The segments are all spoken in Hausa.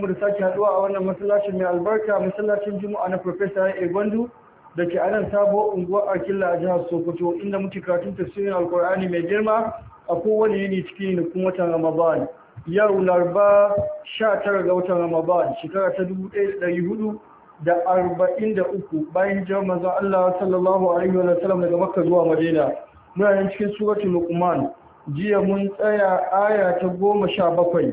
mu da sake haduwa a wannan masallacin mai albarka masallacin juma'a na professor A da ke anan sabo unguwar Akilla a jihar Sokoto inda muke karatun tafsirin Alkur'ani mai girma a kowane yini cikin kuma watan Ramadan yau Laraba 19 ga watan Ramadan shekara ta 1443 bayan hijirar manzon Allah sallallahu alaihi wa sallam daga Makka zuwa Madina muna nan cikin suratul Luqman jiya mun tsaya aya ta goma sha 17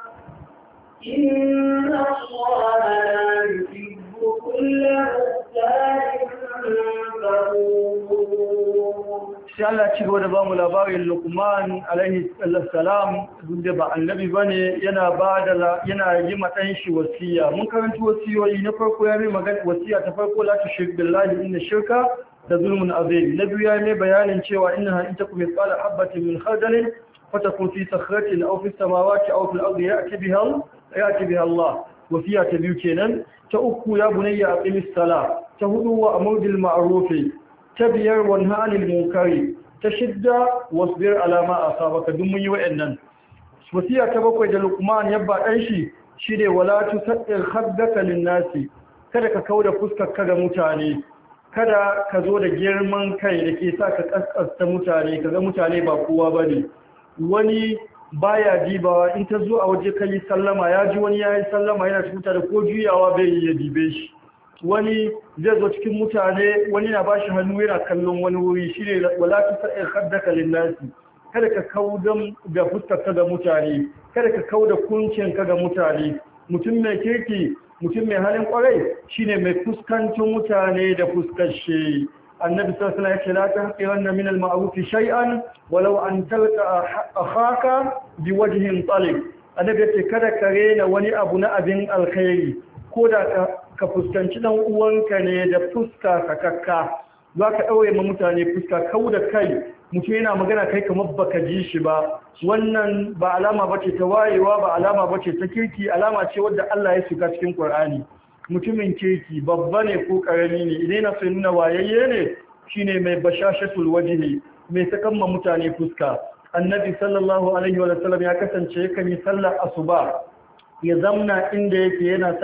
Allah ci gaba da ba mu labarin Lukman alaihi salam gunde ba annabi bane yana ba da yana yi matan shi wasiya mun karanta wasiyoyi na farko ya mai magana wasiya ta farko la shirk billahi inna shirka da zulmun azim na biyu ya mai bayanin cewa inna in takum mithqala habatin min khardalin فتكون في صخرة أو في السماوات أو في الأرض يأتي بها يأتي بها الله وفيها تبيكينا تأكو يا بني أقم الصلاة تهدو وأمر بالمعروف تبير وانهى عن المنكر تشد واصبر على ما أصابك دمي وإنن وفيها تبقى لقمان يبقى أنشي شيري ولا تسأل خدك للناس kada ka kauda fuskarka ga mutane kada ka zo da girman kai da ke sa ka kaskasta mutane ka ga mutane ba kowa bane wani baya dibawa in ta zo a waje ka sallama ya ji wani ya yi sallama yana cikin mutane ko juyawa bai yi ya dibe shi wani zai zo cikin mutane wani na bashi hannu yana kallon wani wuri shi ne wala ta sa'ir haddaka nasi kada ka kaudan da fuskarka ga mutane kada ka kauda kuncinka ga mutane mutum mai kirki mutum mai halin kwarai shine mai fuskancin mutane da fuskar shi annabi sallallahu alaihi wasallam yake la tahqiranna min al shay'an walau an talqa akhaka biwajhin talib annabi ce, kada ka rena wani abu na abin alkhairi ko da ka fuskanci dan uwanka ne da fuska sakakka za ka ɗaure ma mutane fuska kau da kai mutum yana magana kai kamar baka ji shi ba wannan ba alama bace ta wayewa ba alama bace ta kirki alama ce wadda Allah ya shiga cikin Qur'ani mutumin kirki babba ne ko karami ne idan na nuna wayayye ne shine mai bashashatul wajhi mai takamma mutane fuska annabi sallallahu alaihi wa sallam ya kasance yakan yi sallar asuba ya zamna inda yake yana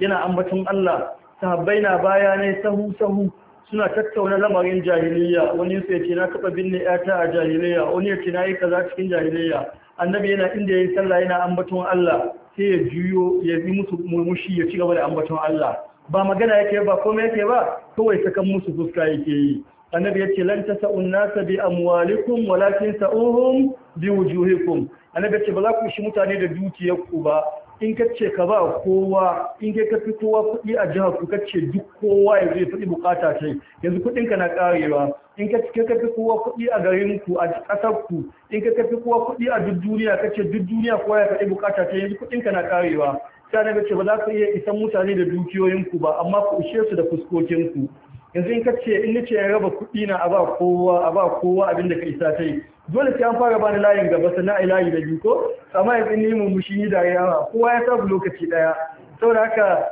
yana ambaton Allah sahabbai na baya ne sahu sahu suna tattauna lamarin jahiliya wani sai ce na taba binne yata a jahiliya wani ya ce na yi kaza cikin jahiliya annabi yana inda yayi sallah yana ambaton Allah sai ya juyo ya yi musu murmushi ya ci gaba da ambaton Allah ba magana yake ba komai yake ba kawai ta kan musu fuska yake yi annabi yace lan tasa'un nasa bi amwalikum walakin sa'uhum bi wujuhikum annabi yace ba za ku shi mutane da dukiyar ku ba in ka ce ka ba kowa in ka kafi kowa kuɗi a jihar ku ka ce duk kowa ya zai faɗi bukata ce yanzu kuɗin ka na ƙarewa in ka ka kafi kowa kuɗi a garin ku a ƙasar ku in ka kafi kowa kuɗi a duk duniya ka ce duk duniya kowa ya faɗi bukata ce yanzu kuɗin ka na ƙarewa sai na ce ba za ka iya isan mutane da dukiyoyin ku ba amma ku ishe su da fuskokin ku yanzu in ka ce in ce ya raba kuɗi na a ba kowa a ba kowa abin da ka isa ta yi dole sai an fara bani layin gaba sannan ai layi da biyu ko amma yanzu ni mun mushi ni da yawa kowa ya sabu lokaci daya saboda haka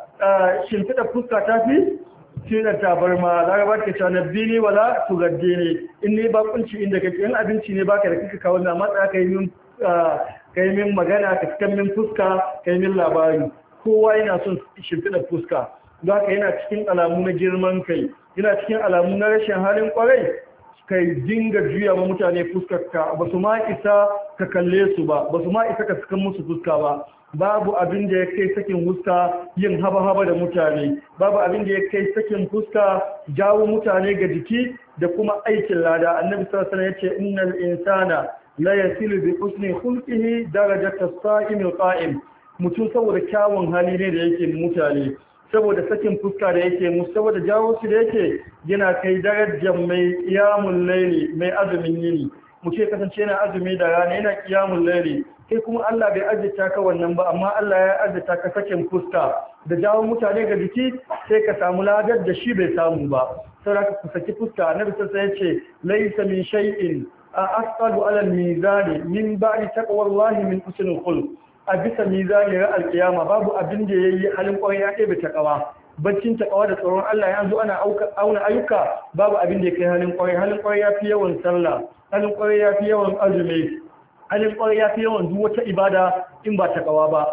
shimfiɗa fuska ta fi tilar tabarma laraba ta ce nabbi ne wala tugadde ne in ne kunci inda kake in abinci ne baka da kika kawo na matsa ka yi kai min magana ka cikin min fuska kai min labari kowa yana son shimfiɗa fuska don haka yana cikin alamu na girman kai yana cikin alamu na rashin halin kwarai kai dinga juya ma mutane ka ba su ma isa ka kalle su ba ba su ma isa ka sakan musu fuska ba babu abin da ya kai sakin fuska yin haba-haba da mutane babu abin da ya kai sakin fuska jawo mutane ga jiki da kuma aikin lada annabi sallallahu alaihi wasallam yace innal insana la yasilu bi husni khulqihi darajata as-sa'im al mutum saboda kyawun hali ne da yake mutane saboda sakin fuska da yake mu saboda jawo su da yake yana kai darajar mai kiyamun laili mai azumin yini mu ce kasance yana azumi da rana yana kiyamun laili kai kuma Allah bai azzata ka wannan ba amma Allah ya azzata ka sakin fuska da jawo mutane ga jiki sai ka samu ladar da shi bai samu ba saboda ku saki fuska annabi sai ya ce laysa min shay'in a asqalu ala al-mizani min ba'di taqwallahi min husnul khuluq a bisa mizanin alkiyama babu abin da yayi halin kwarai ya ɗebe takawa baccin ta takawa da tsoron Allah ya zo ana auna ayyuka babu abin da ya kai halin kwarai halin kwarai ya fi yawan sallah halin kwarai ya fi yawan azumi halin kwarai ya fi yawan duk wata ibada in ba ta kawa ba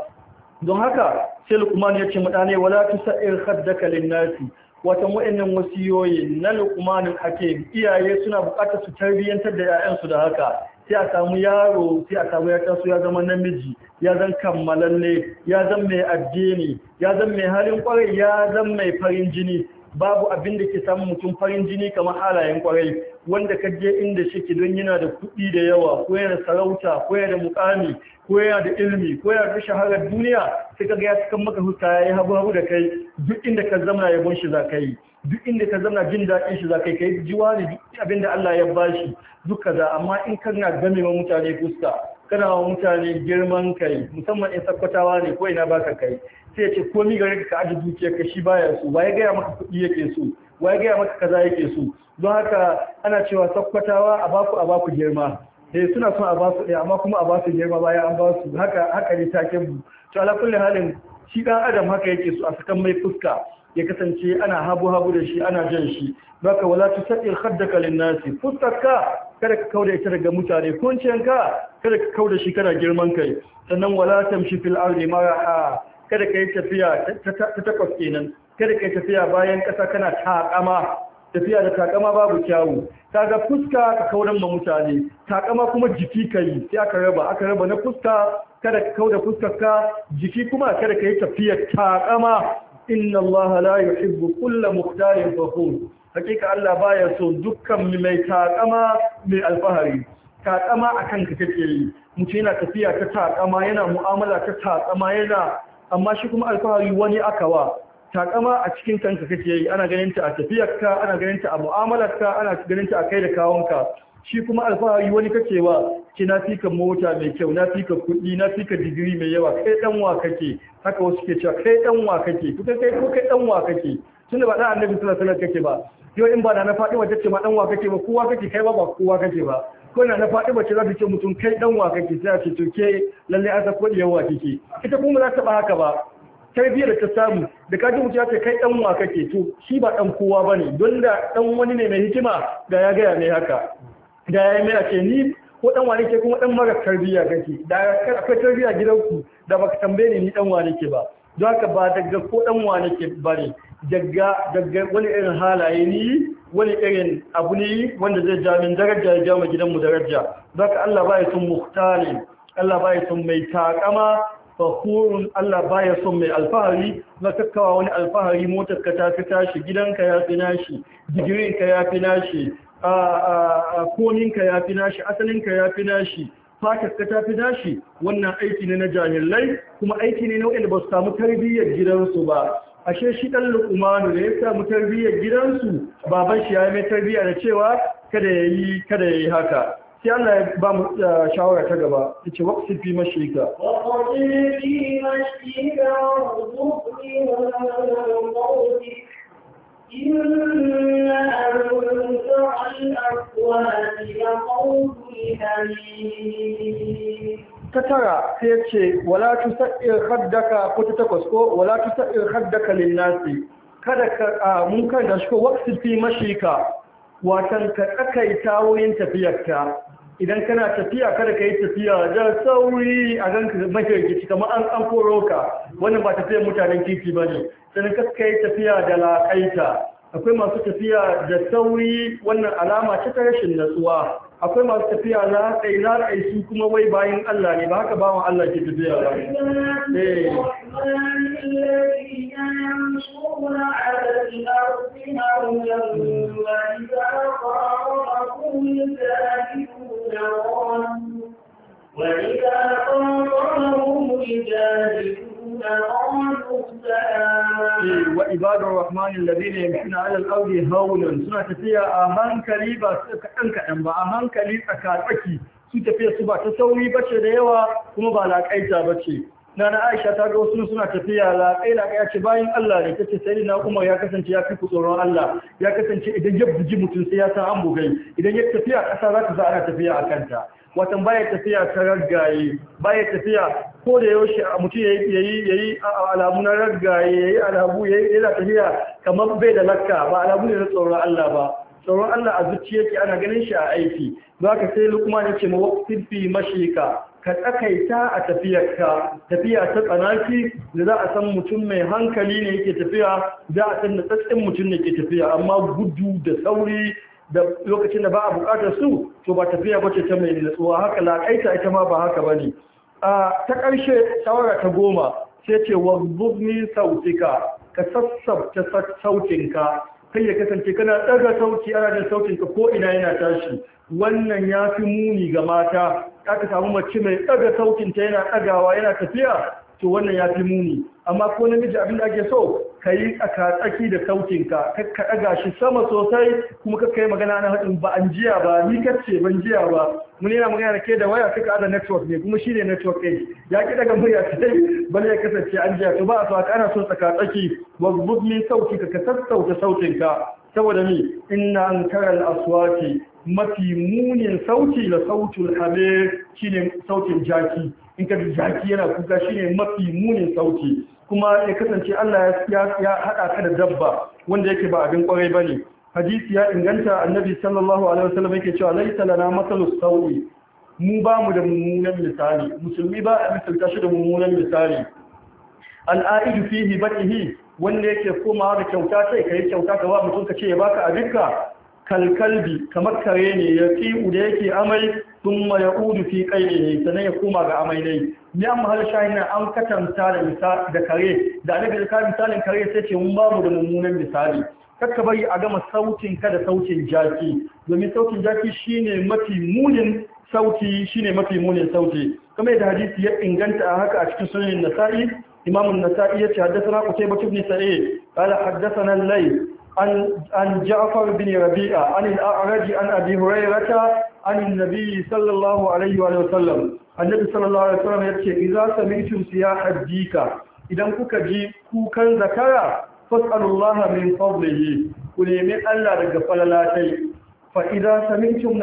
don haka sai lukman ya ce mutane wala tusa'ir khaddaka lin-nasi watan wa'annan wasiyoyi na lukmanin hakim iyaye suna bukatar su tarbiyyantar da 'ya'yansu da haka sai a samu yaro sai a samu ya taso ya zama namiji ya zan kammalalle ya zan mai addini ya zan mai halin kwarai ya zan mai farin jini babu abin da ke samun mutum farin jini kamar halayen kwarai wanda ka je inda shike don yana da kuɗi da yawa ko yana sarauta ko yana da mukami ko yana da ilimi ko yana da shaharar duniya sai ka kaga ya cikin maka huska ya yi habu habu da kai duk inda ka zama ya shi za ka yi duk inda ka zama jin daɗin shi za ka yi jiwa ne duk abinda Allah ya ba shi duk kaza amma in na game ma mutane fuska kana wa mutane girman kai musamman in sakkwatawa ne ko ina baka kai sai ya ce komi gari ka aji dukiyar ka shi baya Wa waye gaya maka kuɗi yake so waye gaya maka kaza yake so don haka ana cewa sakkwatawa a baku a baku girma eh suna son a basu ɗaya amma kuma a basu girma bayan an basu haka haka ne taken to ala halin shi dan adam haka yake so a sakan mai fuska ya kasance ana habu-habu da shi ana jan shi baka wala ta saddir khaddaka linnasi fuskarka kada ka kauda ita daga mutane kunciyanka kada ka kauda shi kana girman kai sannan wala mshi fil ardi ha. kada ka yi tafiya ta takwas kenan kada ka yi tafiya bayan kasa kana takama tafiya da takama babu kyawu kaga fuska ka kaudan ma mutane takama kuma jiki kai sai aka raba aka raba na fuska kada ka kauda fuskarka jiki kuma kada ka yi tafiya takama inna allaha la yuhibbu kulla mukhtalin fakhur hakika Allah baya so dukkan mai takama mai alfahari takama akan ka take yi mutum yana tafiya ta takama yana mu'amala ta takama yana amma shi kuma alfahari wani akawa takama a cikin kanka kake yi ana ganin ta a tafiyarka ana ganin ta a mu'amalarka ana ganin ta a kai da ka shi kuma alfahari wani kake wa ce na fi ka mota mai kyau na fi ka kuɗi na fi ka digiri mai yawa kai dan wa kake haka wasu ke cewa kai dan wa kake to kai ko kai dan wa kake tunda ba dan annabi sallallahu alaihi kake ba yau in ba na faɗi wata ce ma dan wa kake ba kowa kake kai ba ba kowa kake ba ko na faɗi ba ce za ta ce mutum kai dan wa kake sai a ce to ke lalle an kodi yawa kike ita kuma za ta ba haka ba tarbiyya da ta samu da ka ji mutum ce kai dan wa kake to shi ba dan kowa bane don da dan wani ne mai hikima da ya gaya mai haka da ya mai ake ni ko dan wane ke kuma dan mara tarbiyya kake da akwai tarbiyya gidanku da baka tambaye ni ni dan wane ke ba don haka ba daga ko dan wane ke bane daga daga wani irin halaye ni wani irin abu ne wanda zai ja daraja ya ja mu gidan mu daraja don haka Allah baya son muhtali Allah baya son mai takama fakurun Allah baya son mai alfahari na kakkawa wani alfahari motar ka ta fi tashi gidanka ya fi nashi digirin ka ya fi nashi koninka ya fi nashi asalinka ya fi nashi fakaska ta fi nashi wannan aiki ne na jahilai kuma aiki ne na wanda ba su samu tarbiyyar gidansu ba ashe shi ɗan lukumanu da ya samu tarbiyyar gidansu baban shi ya mai tarbiyya da cewa kada ya yi kada ya yi haka sai Allah ya ba mu shawara ta gaba ya ce waqti fi fi wa ta tara sai ce wala tu sa'ir haddaka ko ta takwas ko wala tu sa'ir haddaka linnasi kada ka mun kan da shi ko waqti fi mashika watan ka tsakaita wurin tafiyarta idan kana tafiya kada ka yi tafiya da sauri a ganka mafi rikici kamar an an koro ka wannan ba tafiyar mutanen kirki ba ne sannan kada ka yi tafiya da laƙaita akwai masu tafiya da sauri wannan alama ta rashin natsuwa akwai masu tafiya na na laƙai su kuma wai bayan Allah ne ba haka ba wa Allah ke tafiya ba ne. Eh. وعباد الرحمن الذين يمشون على الأرض هولا سنة تفيا أمان كليبا كأنك أنبا أمان كليبا كالأكي سنة tafiya سبا تسوي بشي ديوا bace da yawa kuma na na aisha ta ga wasu suna tafiya laƙai laƙai ya ce bayan Allah ne kace sai na Umar ya kasance ya fi tsoron Allah ya kasance idan ya buji mutum sai ya san an bugai idan ya tafiya ƙasa za ka za ana tafiya a kanta watan baya tafiya ta raggaye baya tafiya ko da yaushe mutum ya yi alamu na raggaye ya alamu ya yi tafiya kamar bai da lakka ba alamu ne na tsoron Allah ba tsoron Allah a zuciya yake ana ganin shi a aiki za ka sai lukman ne ce mawaqtin fi mashika ka tsakaita a tafiyarka tafiya ta tsanaki da za a san mutum mai hankali ne yake tafiya za a san natsatsin mutum ne ke tafiya amma gudu da sauri da lokacin da ba a bukatar su to ba tafiya ba ce ta mai natsuwa haka laƙaita ita ma ba haka ba ne a ta ƙarshe shawara ta goma sai ce wa zubni sautika ka sassabta sautinka kai ya kasance kana ɗaga sauti ana jin sautinka ko ina yana tashi wannan ya fi muni ga mata aka samu mace mai ɗaga ta yana ɗagawa yana tafiya to wannan ya fi muni amma ko namiji abin da ake so ka yi tsaki da saukin ka ɗaga shi sama sosai kuma ka kai magana na haɗin ba an jiya ba ni kace ban jiya ba mun yana magana da ke da waya suka da network ne kuma shi ne network ne ya ki daga murya sai bane ya kasance an jiya to ba a so a ana so tsaka tsaki wagbub min ka sassauta ka saboda ni inna an karal aswati mafi munin sauti da sautul habe shine sautin jaki in ka jaki yana kuka shine mafi munin sauti kuma ya kasance Allah ya haɗa ka da dabba wanda yake ba abin kwarai ne. hadisi ya inganta annabi sallallahu alaihi wasallam yake cewa laita lana matalus sawi mu ba mu da mummunan misali musulmi ba a misalta shi da mummunan misali al'aidu fihi bakihi wanda yake komawa da kyauta sai kai kyauta ka ba mutum ka ce ya baka abinka kalkalbi kamar kare ne ya tsibu da yake amai sun ma ya udu fi kai ne sannan ya koma ga amai ne ni an mahal shahin an katanta da kare, da kare da daga ka misalin kare sai ce mun bamu da mummunan misali kakka bari a gama sautin ka da sautin jaki domin sautin jaki shine mafi munin sauti shine mafi munin sauti kamar yadda hadisi ya inganta a haka a cikin sunan nasa'i imam nasai ya ce haddathana qutayba ibn sa'id kala haddasa al-layth عن جعفر بن ربيعة عن الأعرج عن أبي هريرة عن النبي صلى الله عليه وسلم النبي صلى الله عليه وسلم يقول إذا سمعتم سياح الديكة إذا كوكا جي كوكا ذكرى فاسألوا الله من فضله وليمن ألا رجفل لا شيء فإذا سمعتم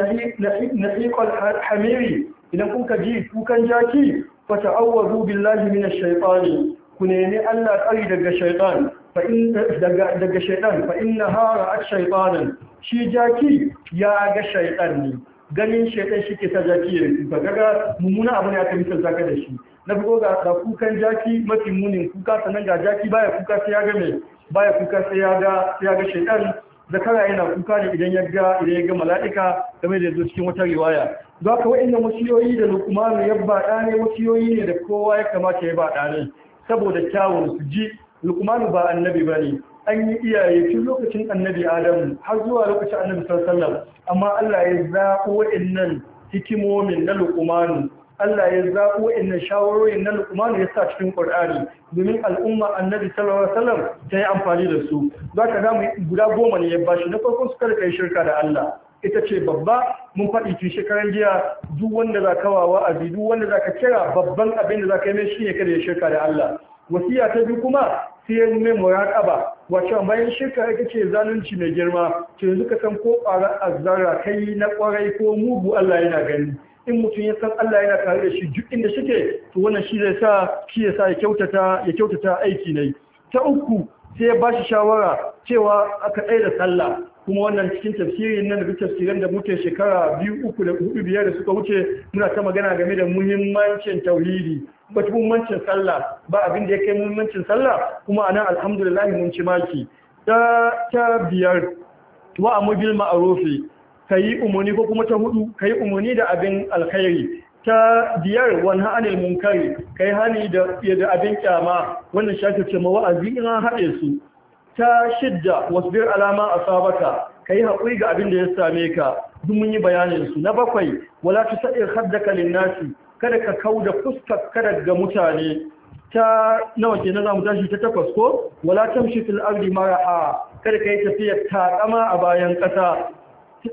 نحيق الحمير إذا كوكا جي كوكا جاكي فتعوذوا بالله من الشيطان ku nemi Allah tsari daga shaitan daga shaidan fa'in na hara a shaibanin shi jaki ya ga shaidan ne ganin shaidan shi ke sa jaki ya ba gaga mummuna abu ne ta misal zaka da shi na fi ga da kukan jaki mafi munin kuka sanan ga jaki baya kuka sai ya ga baya kuka sai ya ga sai Da zakara yana kuka ne idan ya ga idan ya ga mala'ika game da zo cikin wata riwaya za ka wa'annan wasiyoyi da lukumanu ya ba ɗane wasiyoyi ne da kowa ya kamata ya ba ɗane saboda kyawun su ji lukmanu ba annabi ba ne an yi iyaye tun lokacin annabi adamu har zuwa lokacin annabi sallallahu amma Allah ya zaɓo wa'annan hikimomin na lukmanu Allah ya zaɓo wa'annan shawarorin na lukmanu ya sa cikin Qur'ani domin al'umma annabi sallallahu alaihi wasallam ta yi amfani da su zaka ga guda goma ne ya shi. na farkon su kada kai shirka da Allah ita ce babba mun faɗi tun shekaran jiya duk wanda za ka wawa a duk wanda za ka kira babban abin da za ka yi mai shi ne kada ya shirka da Allah wasiya ta biyu kuma sai ya mai muraqaba bayan shirka ita ce zalunci mai girma ce yanzu ka san ko ƙwarar azara kai na ƙwarai ko mugu Allah yana gani in mutum ya san Allah yana tare da shi duk inda shike to wannan shi zai sa shi ya sa ya kyautata ya kyautata aiki ne ta uku sai ya ba shi shawara cewa aka ɗaya da sallah kuma wannan cikin tafsirin nan da duk tafsirin da muke shekara biyu uku da hudu biyar da suka wuce muna ta magana game da muhimmancin tauhidi ba muhimmancin sallah ba abin da ya kai muhimmancin sallah kuma anan alhamdulillah mun ci maki ta ta biyar wa amubil ma'rufi kayi umuni ko kuma ta hudu kayi umuni da abin alkhairi ta biyar wani hannun munkari kai hani da abin kyama wannan shafi ce mawa'azi ina haɗe su ta shidda wasu biyar alama a Ka yi haƙuri ga abin da ya same ka duk yi bayanin su na bakwai wala ta tusair kalin nasi kada ka da fuskar kada ga mutane ta nawa ke na zamu tashi ta takwas ko wala tamshi fil mara a? kada yi tafiya ta kama a bayan kasa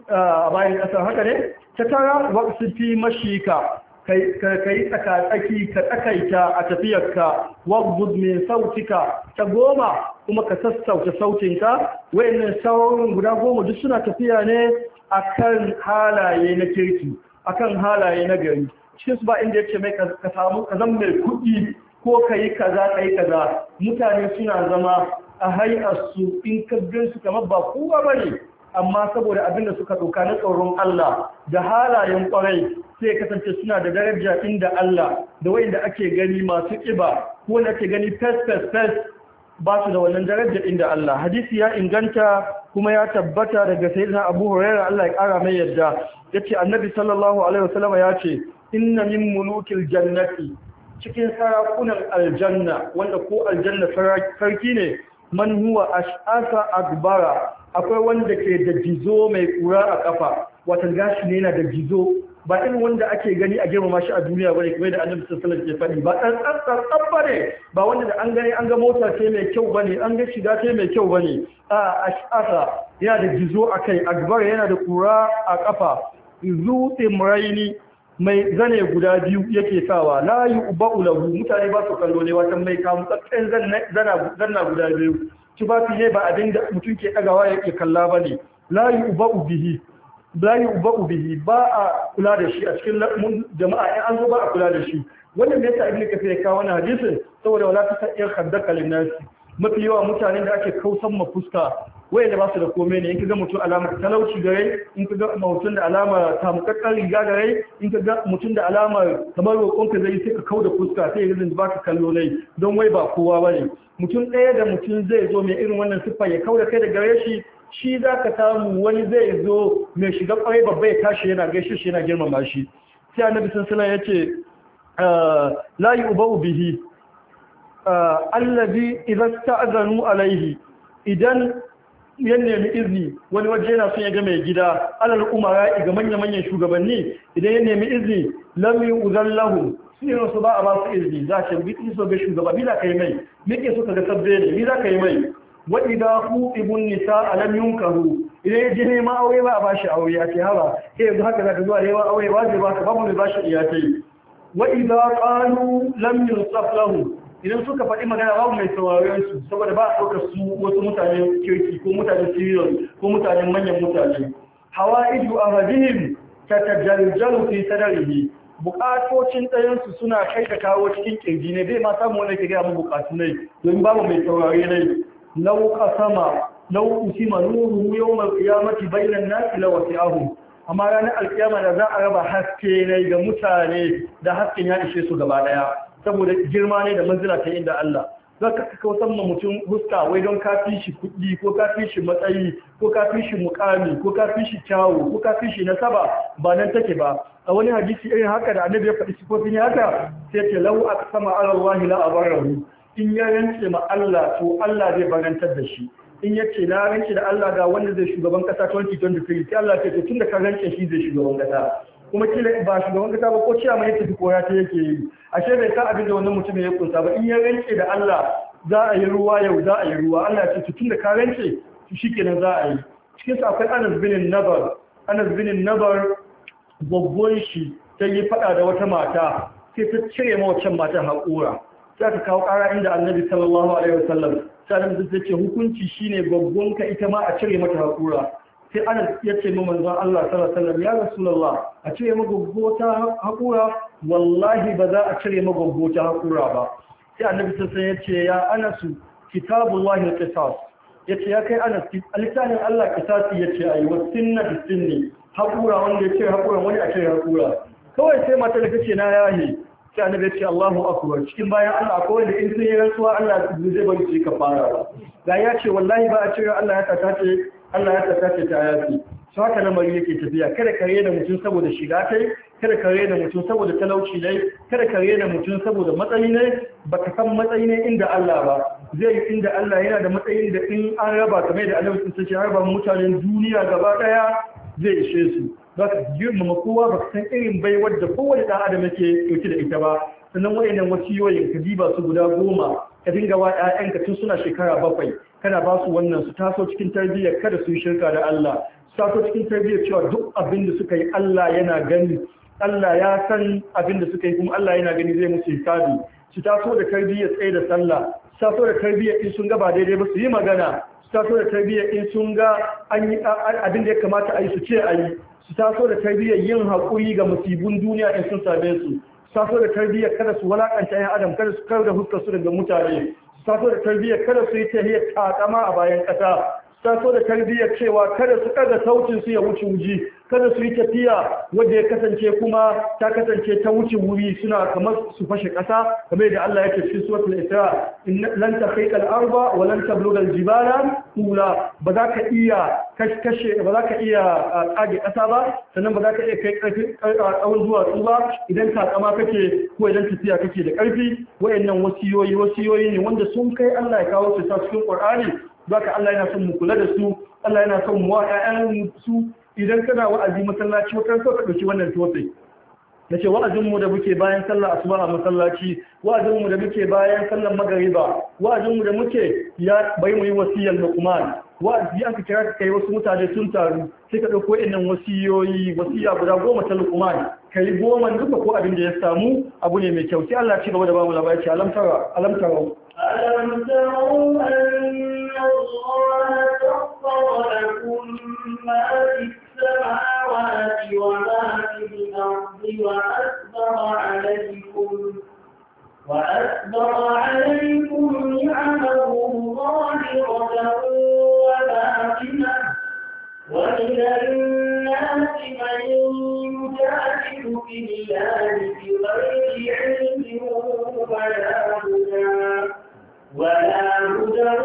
a bayan haka ne ta tara waqsi fi mashika ka yi tsaka tsaki ka tsakaita a tafiyarka wagbud mai sautika ta goma kuma ka sassauta sautinka wayannan saurin guda goma duk suna tafiya ne akan halaye na kirki akan halaye na gari cikin su ba inda yake mai ka samu ka zama mai kuɗi ko ka yi kaza ka yi kaza mutane suna zama a hayarsu in ka su kamar ba kowa ba ne amma saboda abinda suka ɗauka na tsoron Allah da halayen ƙwarai sai kasance suna da daraja inda Allah da wayanda ake gani masu ƙiba ko wanda ake gani fes fes fes ba su da wannan darajar inda Allah hadisi ya inganta kuma ya tabbata daga sayyidina Abu Hurairah Allah ya kara mai yarda yace annabi sallallahu alaihi wasallam ya ce inna min mulukil jannati cikin sarakunan aljanna wanda ko aljanna sarki ne man huwa ash'asa akbara akwai wanda ke da jizo mai kura a kafa watan gashi ne yana da jizo ba irin wanda ake gani a girmama shi a duniya bane kamar da annabi sallallahu alaihi wasallam ke faɗi ba dan tsar tsar bane ba wanda da an gani an ga mota ce mai kyau bane an ga shiga ce mai kyau bane a ashasa yana da gizo a kai agbar yana da kura a kafa zu timraini mai zane guda biyu yake sawa la yu'ba'u lahu mutane ba su kallo ne wata mai kawo tsakkan zanna guda biyu tufafi ne ba abinda mutum ke dagawa yake kalla bane la yu'ba'u bihi la yubu bihi ba a kula da shi a cikin jama'a in an zo ba a kula da shi wannan ne yasa ibnu kafir ya kawo wannan hadisin saboda wala ta sa'ir khaddaka linnasi mafi yawa mutanen da ake kausan ma fuska waye da ba su da komai ne in ka ga mutum alamar talauci gare in ka ga mutum da alamar tamukakkar riga gare in ka ga mutum da alamar kamar roƙonka zai sai ka kau da fuska sai ya zai baka kallo nai don wai ba kowa bane mutum ɗaya da mutum zai zo mai irin wannan siffa ya kau da kai da gare shi shi za ka samu wani zai zo mai shiga kwaye babba ya tashi yana gaishe shi yana girmama shi sai annabi sallallahu ya ce ah, la yu'bau bihi ah, allazi idan ta'zanu alaihi idan ya nemi izini wani waje yana son ya ga mai gida alal umara ga manya-manyan shugabanni idan ya nemi izini lam yu'zan lahu su ba a ba su izini za ka bi so ga shugaba bi za ka yi mai me ke so ka ga sabbe ne bi za ka yi mai wa kuɗi qutibu nisa a lamyun karu. idan ya je aure ba a ba shi aure ya ce haba sai yanzu haka zaka zuwa neman aure ba zai baka babu mai ba shi iyatai wa idza lam yunsaf idan suka faɗi magana babu mai sauraron su saboda ba a ɗauka su wasu mutane kirki ko mutane serious ko mutanen manyan mutane hawaiju ahadihim tatajaljalu fi sadrihi bukatocin ɗayansu suna kai da kawo cikin kirji ne bai ma samu wani ke gaya mu bukatu ne don babu mai saurare nai. lau kasama lau usima nuhu yawmal qiyamati bainan nasi law wasi'ahu amma ranar alkiyama da za a raba haske ne ga mutane da hasken ya ishe su gaba saboda girma ne da manzila ta inda Allah za ka kaka ma mutum huska wai don ka fi shi kuɗi ko ka fi shi matsayi ko ka fi shi mukami ko ka fi shi kyawu ko ka fi shi nasaba ba nan take ba a wani hadisi irin haka da annabi ya faɗi sifofin haka sai ce lau a sama ala wahi la abarahu in ya rantse ma Allah to Allah zai barantar da shi in ya ce na rantse da Allah ga wanda zai shugaban kasa 2023 sai Allah ce to tun da ka rantse shi zai shugaban kasa kuma kila ba shugaban kasa ba ko cewa mai tafi koya ta yake yi ashe bai sa abin da wannan mutum ya kunsa ba in ya rantse da Allah za a yi ruwa yau za a yi ruwa Allah ce to tun da ka rantse shi shikenan za a yi cikin sa akwai Anas bin Nabar Anas bin Nabar babban shi ta yi fada da wata mata sai ta cire mawacin matan mata haƙura sai ka kawo ƙara inda annabi sallallahu alaihi wasallam sai annabi zai ce hukunci shine gwaggonka ita ma a cire mata hakura sai anas ya ce min manzon Allah sallallahu alaihi wasallam ya rasulullah a cire magoggota hakura wallahi ba za a cire magoggota hakura ba sai annabi sai ya ce ya anasu kitabullahi al-qisas yace ya kai anas lisanin Allah yi yace ayi wasinna bisinni hakura wanda yace hakura wani a cire hakura kawai sai mata da kace na yahi sai annabi ce Allahu akbar cikin bayan Allah ko wanda in sun yi rantsuwa Allah zai bari su yi kafara ba da ya ce wallahi ba a ce Allah ya tata ce Allah ya tata ce ta yafi su haka lamari yake tafiya kada ka rena mutum saboda shiga kai kada ka rena mutum saboda talauci ne kada ka rena mutum saboda matsayi ne baka san matsayi ne inda Allah ba zai inda Allah yana da matsayin da in an raba kamar da Allah sun ce raba mutanen duniya gaba daya zai ishe su za ka girmama kowa ba san irin bai wadda kowane ɗan adam yake ɗauke da ita ba sannan wayannan wasiyoyin ka diba su guda goma ka dinga wa ƴaƴanka tun suna shekara bakwai kana ba su wannan su taso cikin tarbiyya kada su yi shirka da Allah su taso cikin tarbiyyar cewa duk abin da suka yi Allah yana gani Allah ya san abin da suka yi kuma Allah yana gani zai musu hisabi su taso da tarbiyyar tsaye da sallah su taso da tarbiyyar in sun ga ba daidai ba su yi magana su taso da tarbiyyar in sun ga an yi abin da ya kamata a yi su ce a yi su taso da tarbiyyar yin haƙuri ga musibin duniya in sun same su su taso da tarbiyyar kada su walakanta yan adam kada su kar da huskar su daga mutane su taso da tarbiyyar kada su yi tahiyar takama a bayan ƙasa ta so da tarbiyyar cewa kada su ɗaga sautin su ya wuce wuji kada su yi tafiya wanda ya kasance kuma ta kasance ta wuce wuri suna kamar su fashe ƙasa kamar da Allah ya cikin suratul Isra lan taqiqa al-arba wa lan tabluga al-jibala tula ba za ka iya kashe ba za ka iya tsage ƙasa ba sannan ba za ka iya kai ƙarfi tsawon zuwa ba? idan takama kake ko idan tafiya kake da ƙarfi wayannan wasiyoyi wasiyoyi ne wanda sun kai Allah ya kawo su ta cikin Qur'ani baka Allah yana son mu kula da su Allah yana son mu wa ƴaƴan su idan kana wa'azi masallaci wata so ka dauki wannan tofi nace wa'azin mu da muke bayan sallar asuba a masallaci wa'azin mu da muke bayan sallar magariba wa'azin mu da muke ya bai mu yi wasiyar Luqman wa'azi an kira kai wasu mutane sun taru sai ka dauko innan wasiyoyi wasiya guda goma ta Luqman kai goma duka ko abin da ya samu abu ne mai kyau sai Allah ya ci gaba da ba mu labari alam tara alam ألم تروا أن الله سخر لكم في السماوات وما في الأرض وأكبر عليكم عليكم نعمه ظاهرة وباطنة ومن الناس من يجاهد في الله علم ولا هدى ولا هدى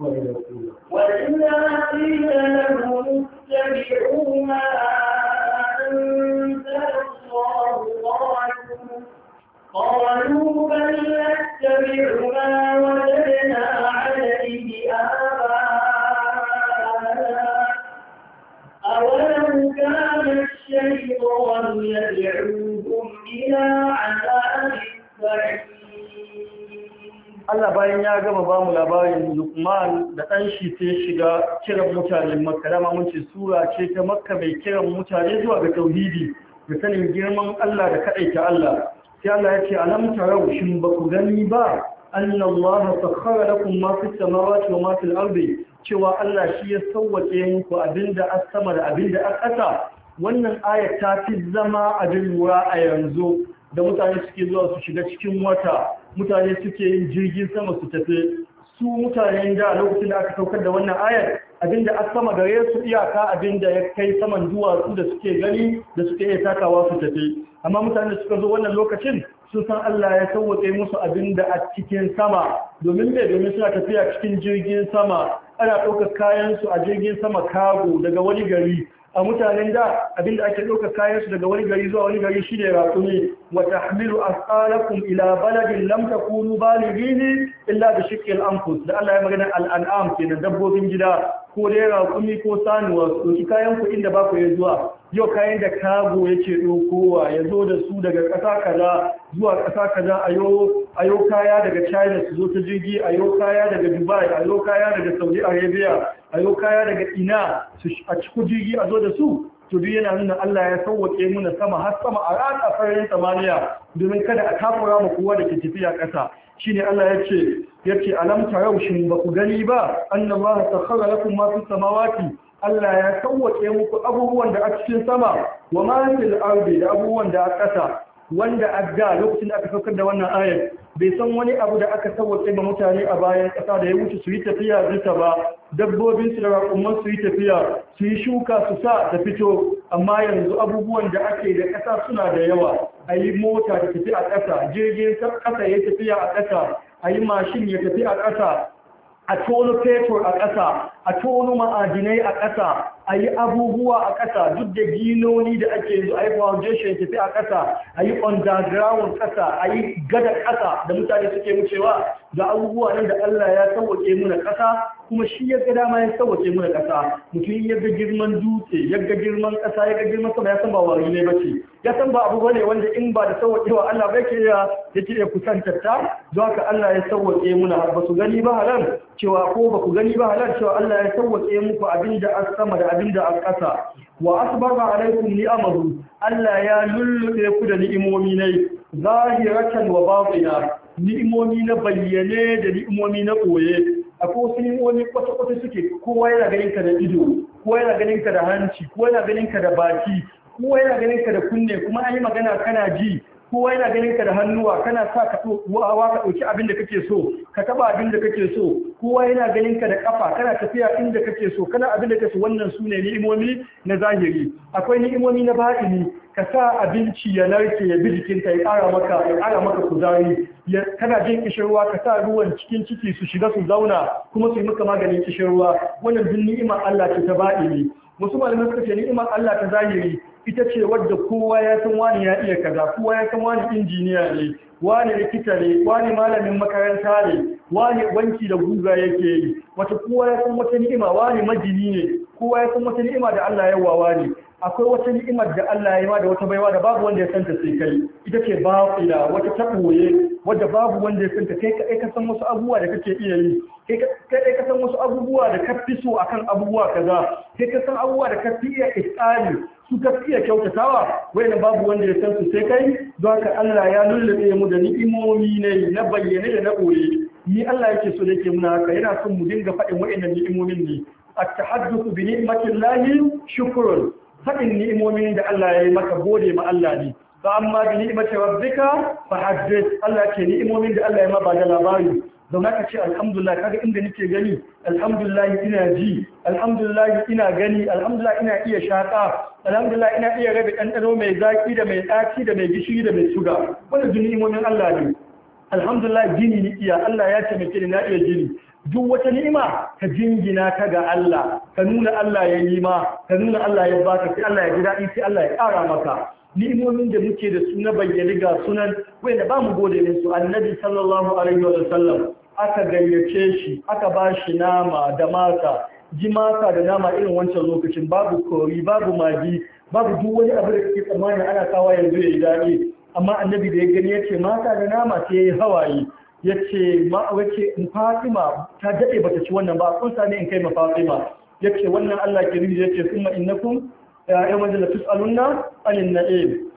ولا وإذا قيل لهم اتبعوا ما أنزل الله قالوا قالوا بل نتبع ما وجدنا الطغى يدعوكم إلى عذاب Allah bayan ya gama ba mu labarin Luqman da ɗan shi sai shiga kiran mutanen Makka dama mun ce sura ce ta Makka mai kiran mutane zuwa ga tauhidi da sanin girman Allah da kaɗaita Allah sai Allah ya ce alam tarau shin ba ku gani ba annallaha sakhara lakum ma fis samawati wa ma fil ardi cewa Allah shi ya sauwake ku abinda as sama da abinda as ƙasa wannan ayar ta fi zama abin lura a yanzu da mutane suke zuwa su shiga cikin wata mutane suke yin jirgin sama su tafi su mutane da lokacin da aka saukar da wannan ayar da aka sama gare su iyaka abin da ya kai saman duwatsu da suke gani da suke iya takawa su tafi amma mutane da suka zo wannan lokacin sun san Allah ya sauwaƙe musu abinda a cikin sama domin bai domin suna tafiya cikin jirgin sama ana ɗaukar kayansu a jirgin sama kago daga wani gari a mutanen da abinda ake ɗauka kayan su daga wani gari zuwa wani gari shi ne rakumi wa tahmilu asqalakum ila baladin kulu takunu ne? illa shi shiqqil anfus da Allah ya magana al'an'am na dabbobin gida ko dai rakumi ko sanuwa su kayan ku inda ba ku zuwa yau kayan da kago yake ɗaukowa ya zo da su daga ƙasa kaza zuwa ƙasa kaza a yau kaya daga china su zo ta jirgi a yau kaya daga dubai a yau kaya daga saudi arabia a yau kaya daga ina a cikin jirgi a zo da su to duk yana nuna Allah ya sauwake muna sama har sama a ratsa farin samaniya domin kada a takura mu kowa da ke tafiya ƙasa shine Allah ya ce yace alam tarau shin ba ku gani ba annallaha sakhara lakum ma fis samawati Allah ya sauwake muku abubuwan da a cikin sama wa ma fil ardi da abubuwan da a ƙasa wanda a ga lokacin da aka saukar da wannan ayat bai san wani abu da aka sauke ba mutane a bayan ƙasa da ya wuce su yi tafiya bisa ba dabbobin su da raƙumman su yi tafiya su yi shuka su sa da fito amma yanzu abubuwan da ake da ƙasa suna da yawa a yi mota ta tafi a ƙasa jirgin ƙasa ya tafiya a ƙasa a yi mashin ya tafi a ƙasa a tono fetur a ƙasa a tono ma'adinai a ƙasa a yi abubuwa a ƙasa duk da ginoni da ake yanzu a yi foundation tafi a ƙasa a yi underground ƙasa a yi gada ƙasa da mutane suke wucewa ga abubuwa nan da Allah ya sauwaƙe muna ƙasa kuma shi ya ga dama ya sauwaƙe muna ƙasa mutum ya ga girman dutse ya ga girman ƙasa ya ga girman sama ya san ba wari ne ce ya san ba abu bane wanda in ba da sauwaƙewa Allah ba yake ya yake ya kusantar ta don haka Allah ya sauwaƙe muna ba su gani ba halal cewa ko ba ku gani ba halal cewa Allah Allah ya sauwake muku abinda as sama da abinda as ƙasa wa asbaga alaikum ni'amahu Allah ya lulluɗe ku da ni'imomi ne zahiratan wa batina ni'imomi na bayyane da ni'imomi na koye akwai wasu ni'imomi kwata-kwata suke kowa yana ganin ka da ido kowa yana ganin ka da hanci kowa yana ganin ka da baki kowa yana ganin ka da kunne kuma an yi magana kana ji kowa yana ganin ka da hannuwa kana sa ka ka ɗauki abin da kake so ka taba abin da kake so kowa yana ganin ka da kafa kana tafiya inda kake so kana abin da kake wannan su ne ni'imomi na zahiri akwai ni'imomi na batini ka sa abinci ya narke ya bi jikinka ya ƙara maka ya kara maka kuzari kana jin kishirwa ka sa ruwan cikin ciki su shiga su zauna kuma su yi maka maganin kishirwa wannan duk ni'imar Allah ce ta batini wasu malamai suka ce ni'imar Allah ta zahiri ita ce wadda kowa ya san wani ya iya kaza kowa ya san wani injiniya ne wani likita ne wani malamin makaranta ne wani wanki da guga yake yi wata kowa ya san wata ni'ima wani majini ne kowa ya san wata ni'ima da Allah ya wawa ne akwai wata ni'imar da Allah ya ma da wata baiwa da babu wanda ya santa sai kai ita ce ila wata taboye wanda babu wanda ya santa kai kai ka san wasu abubuwa da kake iya yi kai kai ka san wasu abubuwa da ka fi so akan abubuwa kaza kai ka san abubuwa da ka fi iya isali su ka fi iya kyautatawa wayannan babu wanda ya santa sai kai don haka Allah ya lullube mu da ni'imomi ne na bayyane da na boye ni Allah yake so yake muna haka yana son mu dinga faɗin wayannan ni'imomin ne at-tahaddathu bi ni'matillahi Haɗin ni'imomin da Allah ya yi maka gode ma Allah ne ba amma bi ni'mati rabbika ba haddith Allah ke ni'imomin da Allah ya ma ba da labari zauna ka ce alhamdulillah kaga inda nake gani alhamdulillah ina ji alhamdulillah ina gani alhamdulillah ina iya shaka alhamdulillah ina iya rabe ɗanɗano mai zaki da mai ɗaci da mai gishiri da mai suga wannan ni'imomin Allah ne alhamdulillah gini ni iya Allah ya mai ni na iya gini duk wata ni'ima ka jingina ka ga Allah ka nuna Allah ya yi ma ka nuna Allah ya baka sai Allah ya ji daɗi sai Allah ya kara maka ni'imomin da muke da su na bayyane ga sunan wanda ba mu gode ne su annabi sallallahu alaihi wa sallam aka gayyace shi aka ba shi nama da masa ji mata da nama irin wancan lokacin babu kori babu magi babu duk wani abu da kake tsammani ana kawa yanzu ya yi dadi. amma annabi da ya gani ya ce mata da nama sai ya yi hawaye Yace ce fatima ta daɗe ba ta ci wannan ba kun sani in kai ma fatima Yace wannan allah ke yace ya ce kuma innakun ya wajen latus alunna anin na'im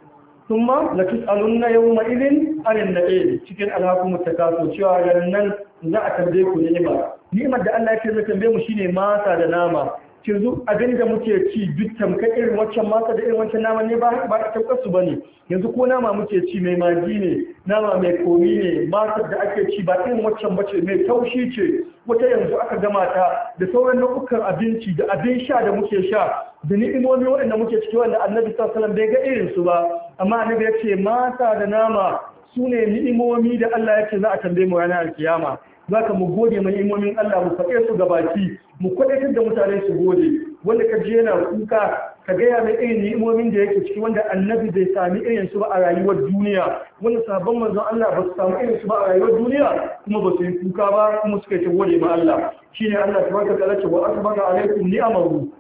kuma latus alunna yau ma'izin anin na'im cikin alhakumu ta kaso cewa nan za a tambaye ku ni'ima ni'imar da allah ya ce zai tambaye mu shine masa da nama yanzu abin da muke ci duk tamkar irin wancan mata da irin wancan nama ne ba ba ta kasu bane yanzu ko nama muke ci mai maji ne nama mai komi ne mata da ake ci ba irin wancan bace mai taushi ce wata yanzu aka gama ta da sauran nau'ukan abinci da abin sha da muke sha da ni'imomi waɗanda muke ciki wanda annabi sallallahu alaihi wasallam bai ga irin su ba amma annabi ya ce mata da nama su ne ni'imomi da Allah yake za a tambaye mu ranar kiyama. za ka mu gode mai imomin Allah mu faɗe su gabaki mu kwaɗaitar da mutane su gode wanda ka je yana kuka ka gaya mai irin imomin da yake ciki wanda annabi bai sami irin su ba a rayuwar duniya wanda sabon manzon Allah ba su samu irin su ba a rayuwar duniya kuma ba su yi kuka ba kuma suka yi gode ma Allah Shi shine Allah tabaraka ta'ala ce wa a alaikum ni'amahu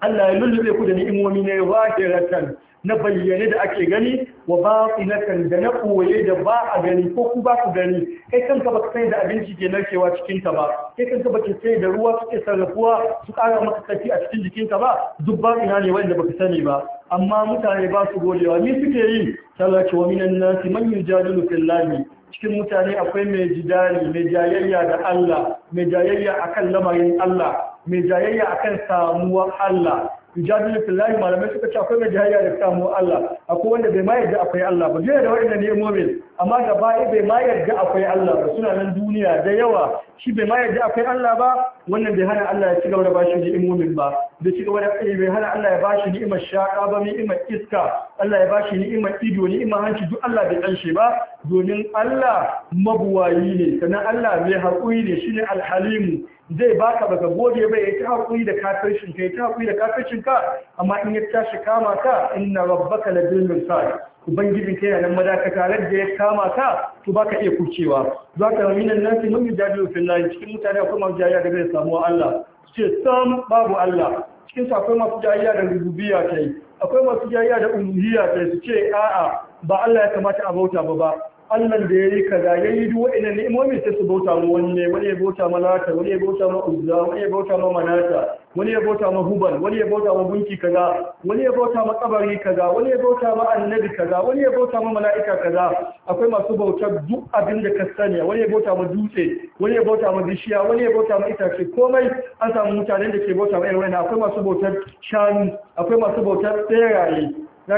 Allah ya lulluɓe ku da ni'imomi ne zahiratan na bayyane da ake gani wa batinatan da na koye da ba a gani ko ku ba ku gani kai kanka baka sai da abinci ke narkewa cikin ka ba kai kanka baka sai da ruwa suke sarrafuwa su ƙara maka kafi a cikin jikin ka ba duk ba ina ne wanda baka sani ba amma mutane ba su godewa ni suke yi sallallahu wa minan nasi man yujadilu fillahi cikin mutane akwai mai jidali mai jayayya da Allah mai jayayya akan lamarin Allah mai jayayya akan samuwar Allah yujadilu fillahi malamai suka ce akwai mai jayayya da samu Allah akwai wanda bai ma yarda akwai Allah ba jiya da wanda ne mu'min amma gaba bai ma yarda akwai Allah ba suna nan duniya da yawa shi bai ma yarda akwai Allah ba wannan bai hana Allah ya ci gaba da bashi mumin ba bai ci gaba da eh, bai hana Allah ya bashi ni'imar shaka ba ni'imar iska Allah ya bashi ni'imar ido ni'imar hanci duk Allah bai kanshe ba domin Allah mabuwayi ne sannan Allah mai haƙuri ne shine alhalimu zai baka daga gode bai yayi ta hakuri da kafircin kai ta haƙuri da kafircin ka amma in ya tashi kama ka inna rabbaka ladil mirsad ubangijin kai nan madakata da ya kama ka to baka iya kucewa zaka nan minan nasi mun yujadilu fillahi cikin mutane akwai masu jayya da zai samu Allah ce sam babu Allah cikin su akwai masu jayya da rububiyya kai akwai masu jayya da uluhiyya kai su ce a'a ba Allah ya kamata a bauta ba ba Allah da ya yi kaza ya duwa ina ne ni'imomin sai su bauta mu wanne wani ya bauta ma lata wani ya bauta ma uzza wani ya bauta ma manata wani ya bauta ma hubal wani ya bauta ma gunki kaza wani ya bauta ma kabari kaza wani ya bauta ma annabi kaza wani ya bauta ma mala'ika kaza akwai masu bautar duk abin da ka sani wani ya bauta ma dutse wani ya bauta ma bishiya wani ya bauta ma itace komai an samu mutanen da ke bauta ma irin wannan akwai masu bautar shanu akwai masu bautar tseraye na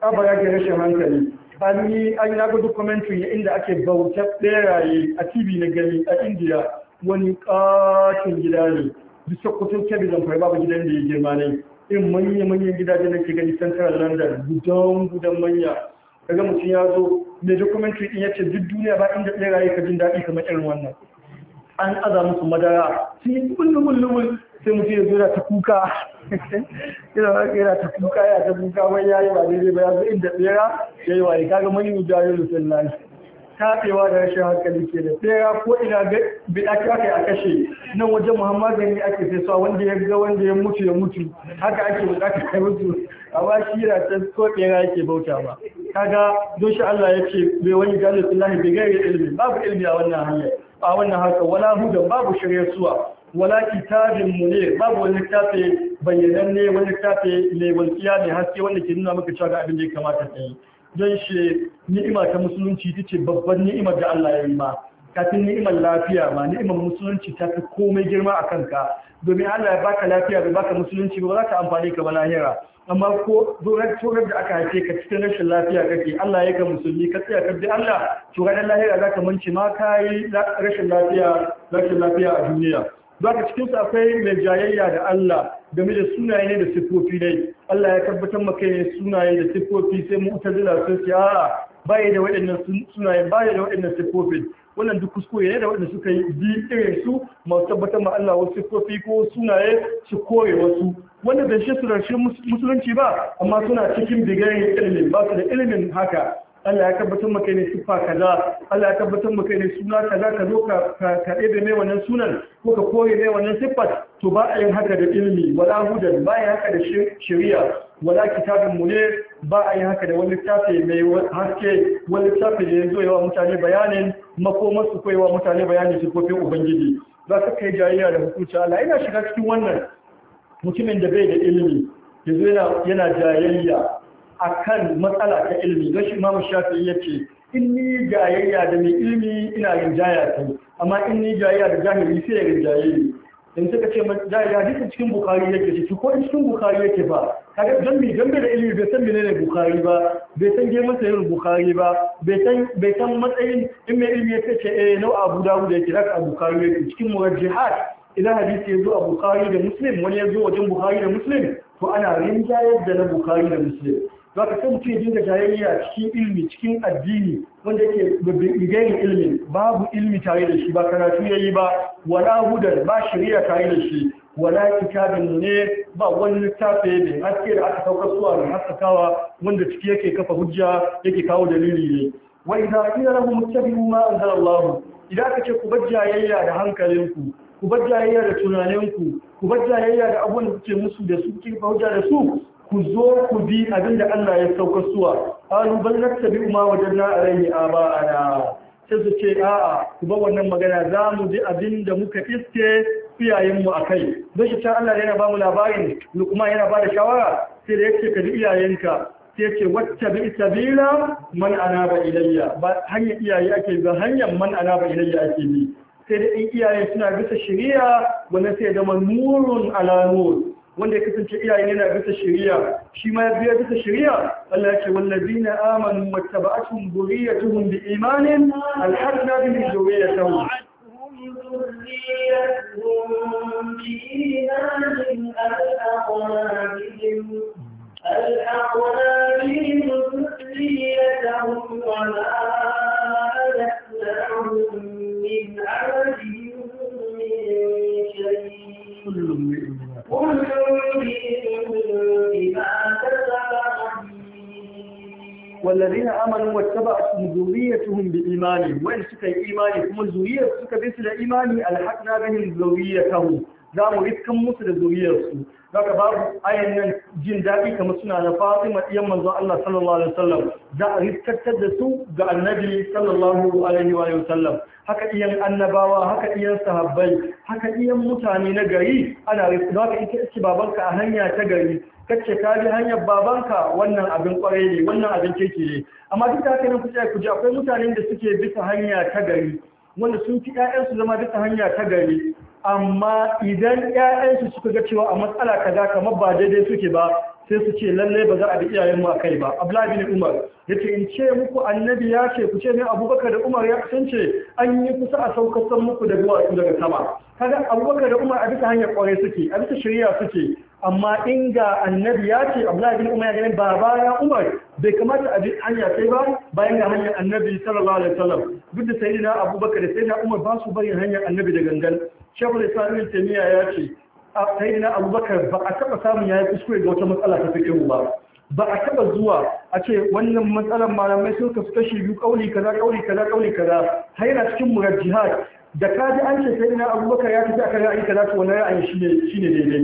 abara rashin hankali an yi an na ga documentary inda ake bauta beraye a tv na gani a Indiya. wani katin gida ne bisa sokoto kebizan zamfara babu gidan da ya girma ne irin manya-manyan gidajen da ke gani central london gudan gudan manya daga mutum ya zo mai documentary din ya ce duk duniya ba inda beraye ka jin daɗi kamar irin wannan an aza musu madara sun yi sai mutum ya zo ta kuka yana ta kuka yana ta kuka wai ya yi ba daidai ba ya zo inda tsera ya yi waye kaga mani mu jayo da sallah tafewa da rashin hankali ke da tsera ko ina ga bida kai a kashe nan wajen muhammadu ne ake sai sa wanda ya ga wanda ya mutu ya mutu haka ake bukata ya mutu amma shi yana ta ko tsera yake bauta ba kaga don shi Allah ya ce bai wani jalo sallahi bai gaira ilimi babu ilimi a wannan hanyar a wannan haka wala hudan babu shirya suwa wala kitabin munir babu wani littafi bayyananne wani littafi mai walƙiya mai haske wanda ke nuna maka cewa ga abin da ya kamata ka yi don shi ni'ima ta musulunci ita ce babban ni'imar da Allah ya yi ma kafin ni'imar lafiya ma ni'imar musulunci ta fi komai girma a kanka domin Allah ya baka lafiya da baka musulunci ba za ka amfani ka ba lahira amma ko zorar tsorar da aka haife ka cikin rashin lafiya kake Allah ya ga musulmi ka tsaya ka bi Allah to ranar lahira za ka mance ma ka yi rashin lafiya rashin lafiya a duniya baka cikin su akwai mai jayayya da Allah game da sunaye ne da sifofi ne Allah ya tabbatar maka ne sunaye da sifofi sai mu'tazila sun ce a'a baya da waɗannan sunaye baya da waɗannan sifofi wannan duk kuskure ne da waɗanda suka yi bi irin su masu tabbatar ma Allah wasu sifofi ko sunaye su kore wasu wanda bai shi su musulunci ba amma suna cikin bigayen ilimin ba su da ilimin haka Allah ya tabbatar maka ne siffa kaza Allah ya tabbatar maka ne suna kaza ka zo ka ka da mai wannan sunan ko ka koyi mai wannan siffat to ba a yin haka da ilimi wala hudan ba yin haka da shari'a wala kitabin mu ne ba a yin haka da wani littafi mai haske wani littafi da ya zo yawa mutane bayanin makomar su koyewa mutane bayanin siffofin ubangiji za ka kai jayayya da hukunci Allah ina shiga cikin wannan mutumin da bai da ilimi yanzu yana yana jayayya akan matsala ta ilimi don shi imamu shafi ya ce in ni jayayya da mai ilimi ina yin jaya ta amma in ni jayayya da jahili sai ya rinjaye ni in suka ce jayayya duka cikin bukari yake shi ko cikin bukari yake ba kaga don mi don da ilimi bai san menene bukari ba bai san girman yin bukari ba bai san matsayin in mai ilimi ya ce eh nau abu da yake haka a bukari yake cikin jihar idan hadisi ya zo a bukari da muslim wani ya zo wajen bukari da muslim to ana rinjayar da na bukari da muslim Ba ka sai mutum da dinga jayayya cikin ilmi cikin addini wanda yake bigayen ilmi? babu ilmi tare da shi ba karatu ya yi ba wala hudan ba shari'a tare da shi wala kitabin ne ba wani littafi mai haske da aka saukar suwa mai haskakawa wanda ciki yake kafa hujja yake kawo dalili ne wa idza qila lahum ittabi'u ma anzala Allah idan aka ce ku bar jayayya da hankalinku ku bar jayayya da tunaninku ku bar jayayya da abubuwan da kuke musu da su kuke hujja da su ku zo ku bi abinda Allah ya sauka suwa qalu bal nattabi ma wajadna alayhi aba'ana sai su ce a'a ku ba wannan magana za mu bi abinda muka iske iyayenmu a kai don shi Allah yana ba mu labarin kuma yana ba da shawara sai da yake ka bi iyayenka sai yake wacce bi sabila man anaba ilayya ba hanya iyaye ake ba hanyar man anaba ilayya ake bi sai da in iyaye suna bisa shari'a wannan sai da nurun ala nur wanda ya kasance iyaye yana bisa shari'a shi ma ya biya bisa shari'a Allah ya ce wallazina amanu wattaba'atuhum dhurriyyatuhum biimanin alhaqna bihim dhurriyyatahum ذريتهم بإيمان ألحقنا بهم ألحقنا بهم ذريتهم وما ألحناهم من عملهم من شيء والذين امنوا واتبعوا ذريتهم بالايمان وين suka imani kuma zuriyar suka bi su da imani alhaqna bihim zuriyatuhum zamu riskan musu da zuriyar su daga babu ayan nan jin daɗi kamar suna da fatima ɗiyan manzon Allah sallallahu alaihi wasallam za a riskatar da su ga annabi sallallahu alaihi wasallam haka iyan annabawa haka iyan sahabbai haka iyan mutane na gari ana riskatar da ita ce babanka a hanya ta gari kacce ka bi hanyar babanka wannan abin kwarai ne wannan abin keke ne amma duk da haka nan kuce kuje akwai mutanen da suke bisa hanya ta gari wanda sun fi 'ya'yansu zama bisa hanya ta gari amma idan 'ya'yansu suka ga cewa a matsala kaza kamar ba daidai suke ba sai su ce lallai ba za a bi iyayen mu kai ba abdullahi ne umar yace in ce muku annabi ya ce ku ce ne abubakar da umar ya kasance an yi kusa a saukar muku da duwatsu daga sama kaga abubakar da umar a bisa hanyar kwarai suke a bisa shari'a suke amma in ga annabi ya ce abdullahi bin umar ya gani ba bayan umar bai kamata a bi hanya sai ba bayan ga hanyar annabi sallallahu alaihi wasallam duk da sayyidina abubakar da sayyidina umar ba su barin hanyar annabi da gangan shekul islamin taimiyya ya ce a sai na abubakar ba a taba samun ya yi kuskure da wata matsala ta fi ba ba a taba zuwa a ce wannan matsalar malamai sun kasu kashi biyu kauli kaza kauli kaza kauli kaza har cikin cikin jihad da ka ji an ce sai na abubakar ya tafi akan ra'ayi kaza to wannan ra'ayin shi ne daidai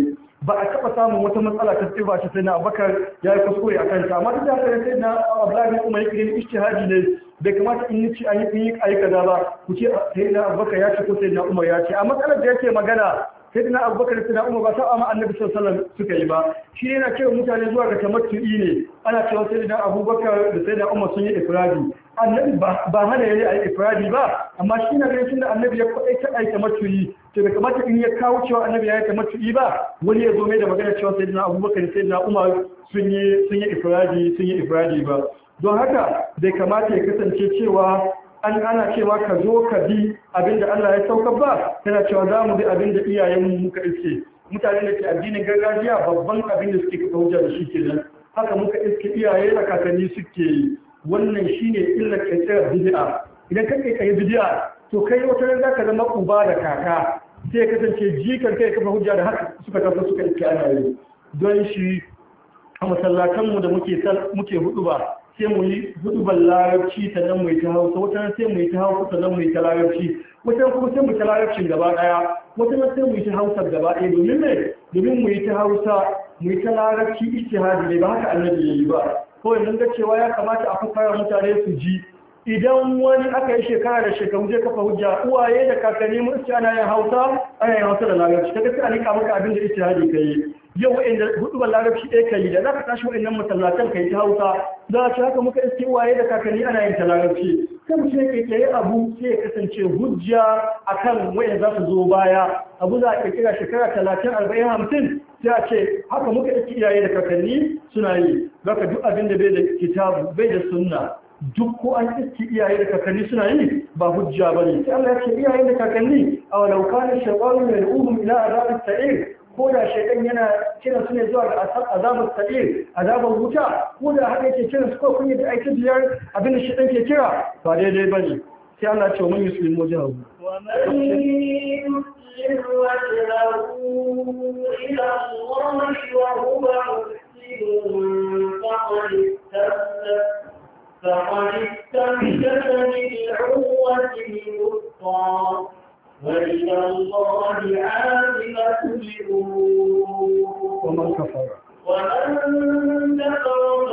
ba a taba samun wata matsala ta tsiba ta sai na abubakar ya yi kuskure a kanta amma duk da haka sai na abubakar kuma ya kirin ijtihadi ne bai kamata in ce an yi yi kaza ba ku ce ah, sayyidina abubakar ya ce ko sayyidina umar ya ce a matsalar da yake magana sayyidina abubakar sayyidina umar ba sa'a ma annabi sallallahu alaihi suka yi ba shi ne yana cewa mutane zuwa ga tamattu'i ne ana cewa sayyidina abubakar da sayyidina umar sun yi ifradi annabi ba hana a yi ifradi ba amma shi na ganin tunda annabi ya kwaɗai ta aika yi to da kamata in ya kawo cewa annabi ya aika yi ba wani ya zo mai da magana cewa sayyidina abubakar sayyidina umar sun yi sun yi ifradi sun yi ifradi ba don haka bai kamata ya kasance cewa an ana cewa ka zo ka bi abinda Allah ya sauka ba yana cewa za mu bi abinda iyayenmu muka iske mutane da ke addinin gargajiya babban abin da suke kafa hujja da shi kenan haka muka iske iyaye da kakanni suke yi wannan shine illar tsaya bid'a idan ka kai bid'a to kai wata ran zaka zama uba da kaka sai ya kasance jikar kai kafa hujja da haka suka kafa suka iske ana yi don shi a masallatanmu da muke muke hudu ba sai mu yi hudubar larabci sannan mu yi ta hausa wata sai mu yi ta hausa sannan mu yi ta larabci wata kuma sai mu yi ta larabcin gaba daya wata sai mu yi ta hausa gaba daya domin me domin mu yi ta hausa mu yi ta larabci ijtihadi ne ba haka annabi ya yi ba kawai mun ga cewa ya kamata a fara mutane su ji idan wani aka yi shekara da shekaru zai kafa hujja uwaye da kakanni mun ce ana yin hausa ana yin hausa da larabci kaga sai a nika maka abin da ijtihadi kai yau hudu hudubar larabci ɗaya kai da za ka tashi wa'annan masallatan kai ta hausa za ka haka muka iske waye da kakanni ana yin ta larabci sai mu ce kai abu sai ya kasance hujja akan wa'anda za su zo baya abu za a ƙirƙira shekara talatin arba'in hamsin sai a ce haka muka iske iyaye da kakanni suna yi za ka duk abin da bai da kitabu bai da sunna duk ko an iske iyaye da kakanni suna yi ba hujja ba ne sai Allah ya ce iyaye da kakanni a walau kana shawaru mai ruhum ila azabis sa'ir ko da shaidan yana kiran su ne zuwa ga azabar sa'ir azabar wuta ko da haka yake kiran su ko da aikin biyar abin da shaitan ke kira ba daidai ba ne sai Allah ce mun yusuf mu jahu wa man فقد الوثقى وإلى الله عاقبة الأمور ومن كفر ومن كفر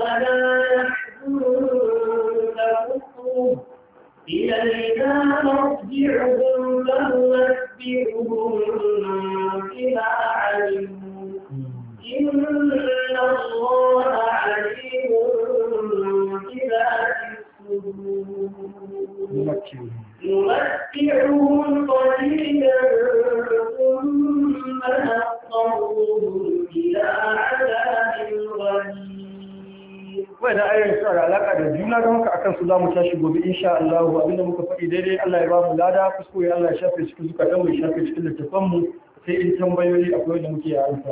فلا يحزنك كفره إلينا مرجعهم فننبئهم بما علموا إن الله عليم بذات الصدور نمتعهم na ga haka akan su zamu tashi gobe insha Allah abinda muka faɗi daidai Allah ya ba mu lada kuskure Allah ya shafe cikin zukatan mu ya shafe cikin littafan mu sai in tambayoyi akwai wanda muke amsa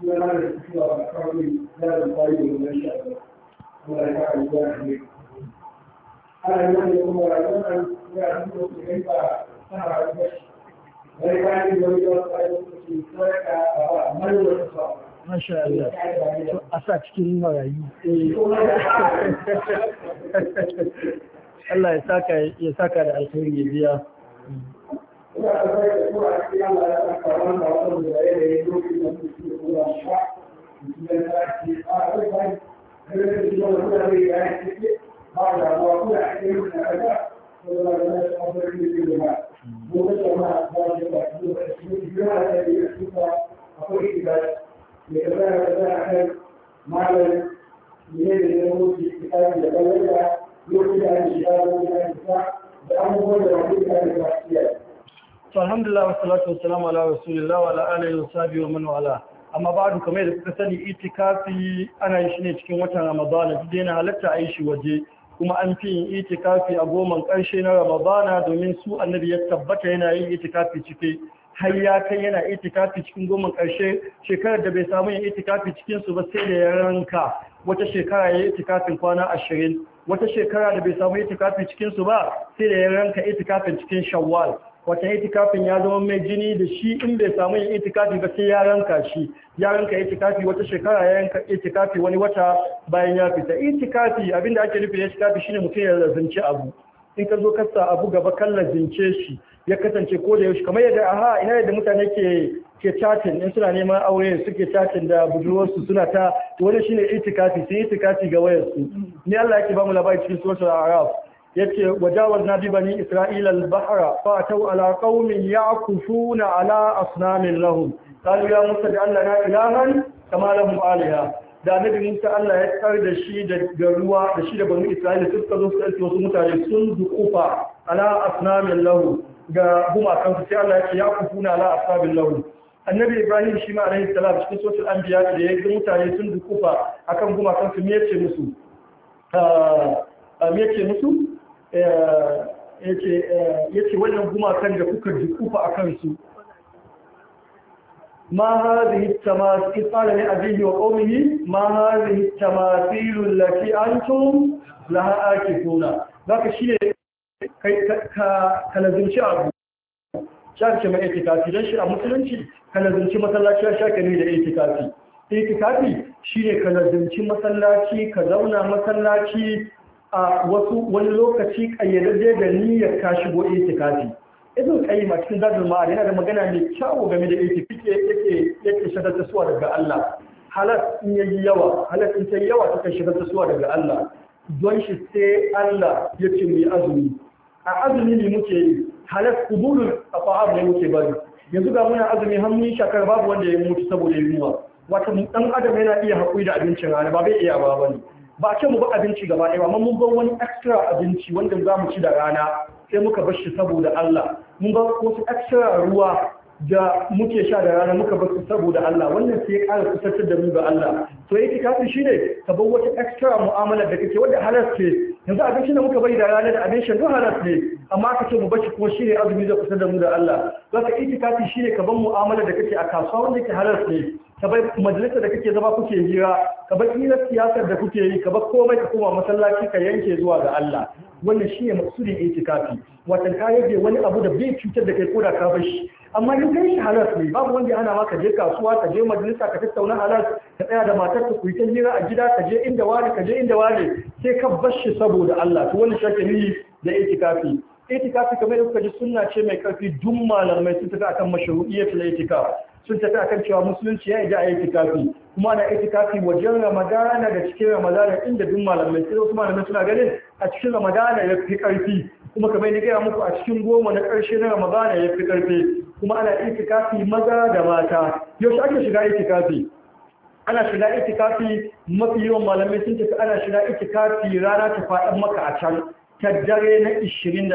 suna ya Allah, ya saka da alkhairi biya. إذا أردت أسبوع القيام على أكثران وأصل الزائر يدوك إلى تسليم أولى الشعب من الأكل أعرفها هل تجول كل هذه الأكل بعد أن أقول أحكي من الأداء ولا أردت أفضل في كلها ومثل ما أخبرت الأكل والأسلوب بما الذي يحدث أقول إذا يتباهى تباهى معلم من الأمور في كتاب يتباهى يخرج عن الشباب ومن الأنفاق بأمر ربك الإدراكيات to alhamdulillah wa salatu wa salamu ala rasulillah wa ala alihi wa sahbihi wa man wala amma ba'du kamar da kuka sani itikafi ana yin shi ne cikin watan ramadana duk yana halatta a yi shi waje kuma an fi yin itikafi a goman ƙarshe na ramadana domin su annabi ya tabbata yana yin itikafi ciki. har ya kai yana itikafi cikin goman ƙarshe shekarar da bai samu yin itikafi cikin su ba sai da ya ranka wata shekara ya yi itikafin kwana ashirin wata shekara da bai samu itikafi cikin su ba sai da ya ranka itikafin cikin shawwal wata itikafin ya zama mai jini da shi in bai samu yin itikafi ba sai ya ranka shi ya ranka itikafi wata shekara ya ranka itikafi wani wata bayan ya fita itikafi abinda ake nufi itikafi shine mutum ya lazince abu in ka zo kasa abu gaba kan lazince shi ya kasance ko da yaushe kamar yadda aha ina yadda mutane ke ke chatin in suna neman aure suke chatin da budurwarsu suna ta wani shine itikafi sai itikafi ga wayarsu ni Allah yake ba mu labari cikin suratul a'raf yace wajawaz nabi bani isra'ila al-bahra fa ataw ala qaumin ya'kufuna ala asnamin lahum qalu ya musa da Allah na ilahan kama lahum aliha da nabi musa Allah ya tsar da shi da ruwa da shi da bani isra'ila suka zo su wasu mutane sun dukufa ala asnamin lahum ga gumakan sai Allah ya ce ya'kufuna ala asnamin lahum annabi ibrahim shi ma alaihi salam cikin sotul anbiya da ya ga mutane sun dukufa akan gumakan su me yace musu ah, ah, me yace musu Eh, eh, ya ce wannan gumakan da kuka jikufa a kansu ma hazihi tamasil ne a abihi wa qawmihi ma hazihi tamasil allati antum laha akifuna zaka shine kai ka kalazunci abu shake mai itikafi don shi a musulunci kalazunci masallaci a shake ne da itikafi shi ne kalazunci masallaci ka zauna masallaci a wasu wani lokaci kayyadadde da niyyar ka shigo itikafi idan kai a cikin zadul ma yana da magana mai kyawu game da itikafi yake yake shadar ta suwa daga Allah halas in yayi yawa halas in tayi yawa take shadar ta suwa daga Allah don shi sai Allah ya ce azumi a azumi ne muke yi halas a afa'ab ne muke bari yanzu ga muna azumi har mun shakar babu wanda ya mutu saboda yunwa wato dan adam yana iya haƙuri da abincin rana ba bai iya ba bane ba ce mu ba abinci gaba ɗaya amma mun ban wani extra abinci wanda za mu ci da rana sai muka bar shi saboda Allah mun bar wasu extra ruwa da muke sha da rana muka bar su saboda Allah wannan sai ya ƙara kusantar da mu ga Allah to yake kafin shine ka ban wata extra mu'amala da kake wanda halas ce yanzu abincin da muka bari da rana da abincin don halas ne amma ka ce mu shi kuma shi ne azumi da kusantar da mu da Allah zaka itikafi shine ka ban mu'amala da kake a kasuwa wanda yake halas ne ka bar majalisar da kake zama kuke hira ka bar hirar siyasar da kuke yi ka bar komai ka koma masallaci ka yanke zuwa ga Allah wannan shi ne maksudin itikafi watan ka yage wani abu da bai cutar da kai ko da ka bar shi amma in kai shi halas ne babu wanda ana ma ka je kasuwa ka je majalisa ka tattauna halas ka tsaya da matar ka kuyi ta hira a gida ka je inda wani ka je inda wani sai ka bar shi saboda Allah to wannan shakali da itikafi itikafi kamar yadda kuka ji sunna ce mai karfi duk malamai sun tafi akan mashru'iyyat na itikaf sun tafi a kan cewa musulunci ya yi a itikafi kuma na itikafi wajen ramadana da cikin ramadana inda duk malamai sai wasu malamai suna ganin a cikin ramadana ya fi karfi kuma kamar na gaya muku a cikin goma na ƙarshe na ramadana ya fi karfi kuma ana itikafi maza da mata yaushe ake shiga itikafi ana shiga itikafi mafi yawan malamai sun tafi ana shiga itikafi rana ta faɗin maka a can ta dare na 21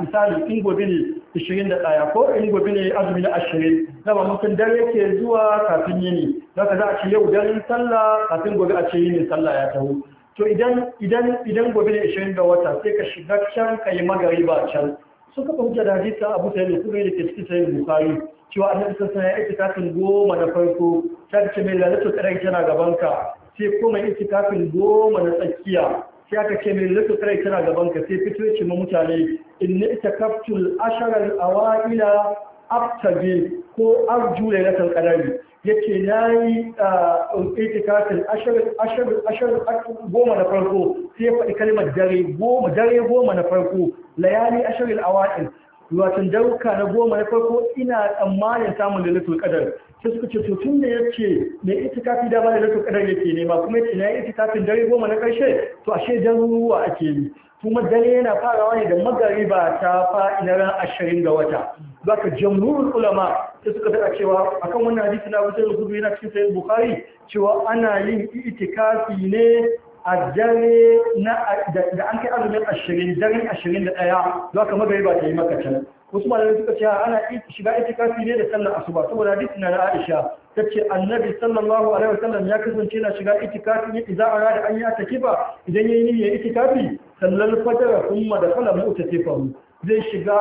misali in gobe ne 21 ko in gobe ne azumi na 20 dama mutum dare ke zuwa kafin yini za ka za a ce yau daren sallah kafin gobe a ce yini sallah ya taho to idan idan idan gobe ne 20 ga wata sai ka shiga can ka yi magariba can sun ka hujja da hadisa abu sai ne kuma ke cikin sai bukari cewa annabi sallallahu alaihi wasallam ya yi goma na farko ta ce mai lalatu tsarai tana gaban ka sai kuma yi kafin goma na tsakiya ya aka ce mai little tare tana gaban ka sai fito ce ma mutane inni itakaftul asharal awaila abtabi ko arju lailatul qadari yace nayi uh, itikafin asharal asharal goma na farko sai ya faɗi kalmar dare goma dare goma na farko layali asharal awail watan dauka na goma na farko ina tsammanin samun da lalatul kadar sai suka ce to tun da yace mai dama da ba lalatul kadar yake nema kuma ce na kafin dare goma na karshe to ashe daruruwa ake yi kuma dare yana farawa ne da magariba ta fa'ina ran ashirin ga wata za ka jamhurin ulama ta suka daga cewa akan wannan hadisi na wajen rubutu yana cikin sayin bukari cewa ana yin itikafi ne a dare da an kai azumin ashirin daren ashirin da ɗaya za ka magari ba ta yi maka can wasu malamai suka ce ana shiga itikafi ne da sallar asuba saboda hadisi na Aisha ta ce annabi sallallahu alaihi sallam ya kasance na shiga itikafi ne idan an rada an yi atakifa idan yayi niyyar itikafi sallar fajr kuma da kala mu ta tefa zai shiga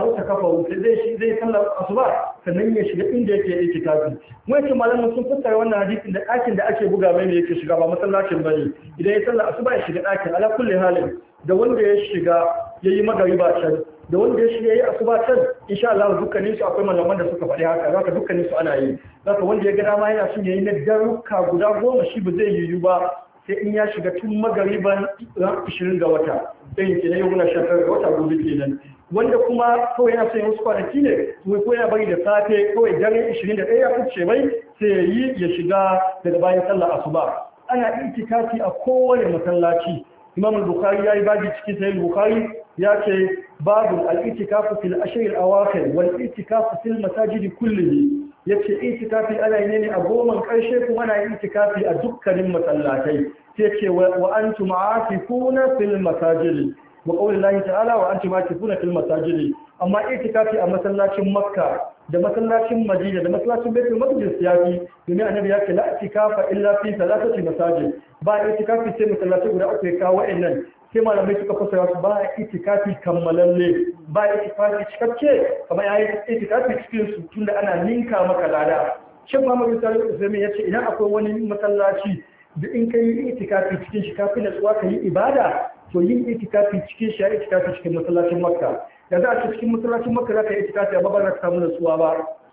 mota kafa wuce zai sallar asuba sannan ya shiga inda yake ce tafi wani malamin sun fassara wannan hadisin da ɗakin da ake buga mai yake shiga ba masallacin bane idan ya sallar asuba ya shiga ɗakin ala kulle halin da wanda ya shiga ya magari ba can da wanda ya shiga ya yayi asuba can insha Allah dukkanin su akwai malaman da suka faɗi haka zaka dukkanin su ana yi zaka wanda ya ga ma yana son yayi na daruka guda goma shi ba zai yiwu ba sai in ya shiga tun magariban ran 20 ga wata ɗin kenan yau muna shafar ga wata gobe kenan wanda kuma kawai yana son wasu kwanaki ne kuma ko yana bari da safe kawai dare 21 ya kuce mai sai ya yi ya shiga daga bayan sallah asuba ana itikafi a kowane masallaci imamul bukhari yayi babi cikin sai al-bukhari ya ce babu al-itikafu fil ashr al-awakhir wal itikafu fil masajid kullihi yace itikafi ana yi ne a goman karshe kuma ana yin itikafi a dukkanin masallatai sai ce wa antum aakifuna fil masajid wa qawlillahi ta'ala wa antum aakifuna fil masajid amma itikafi a masallacin makka da masallacin madina da masallacin baitul maqdis ya fi domin annabi ya ce la itikafa illa fi salatati masajid ba itikafi sai masallaci guda uku ya kawo wa'annan sai malamai suka fasa su ba itikafi kammalalle ba itikafi cikakke kamar yayin itikafi cikin su tunda ana ninka maka lada shin da Salihu ya yace idan akwai wani masallaci da in kai itikafi cikin shi kafin da tsuwa yi ibada to yin itikafi cikin shi ya itikafi cikin masallacin Makka da za a ce cikin masallacin Makka za ka yi itikafi amma ba za ka samu nutsuwa ba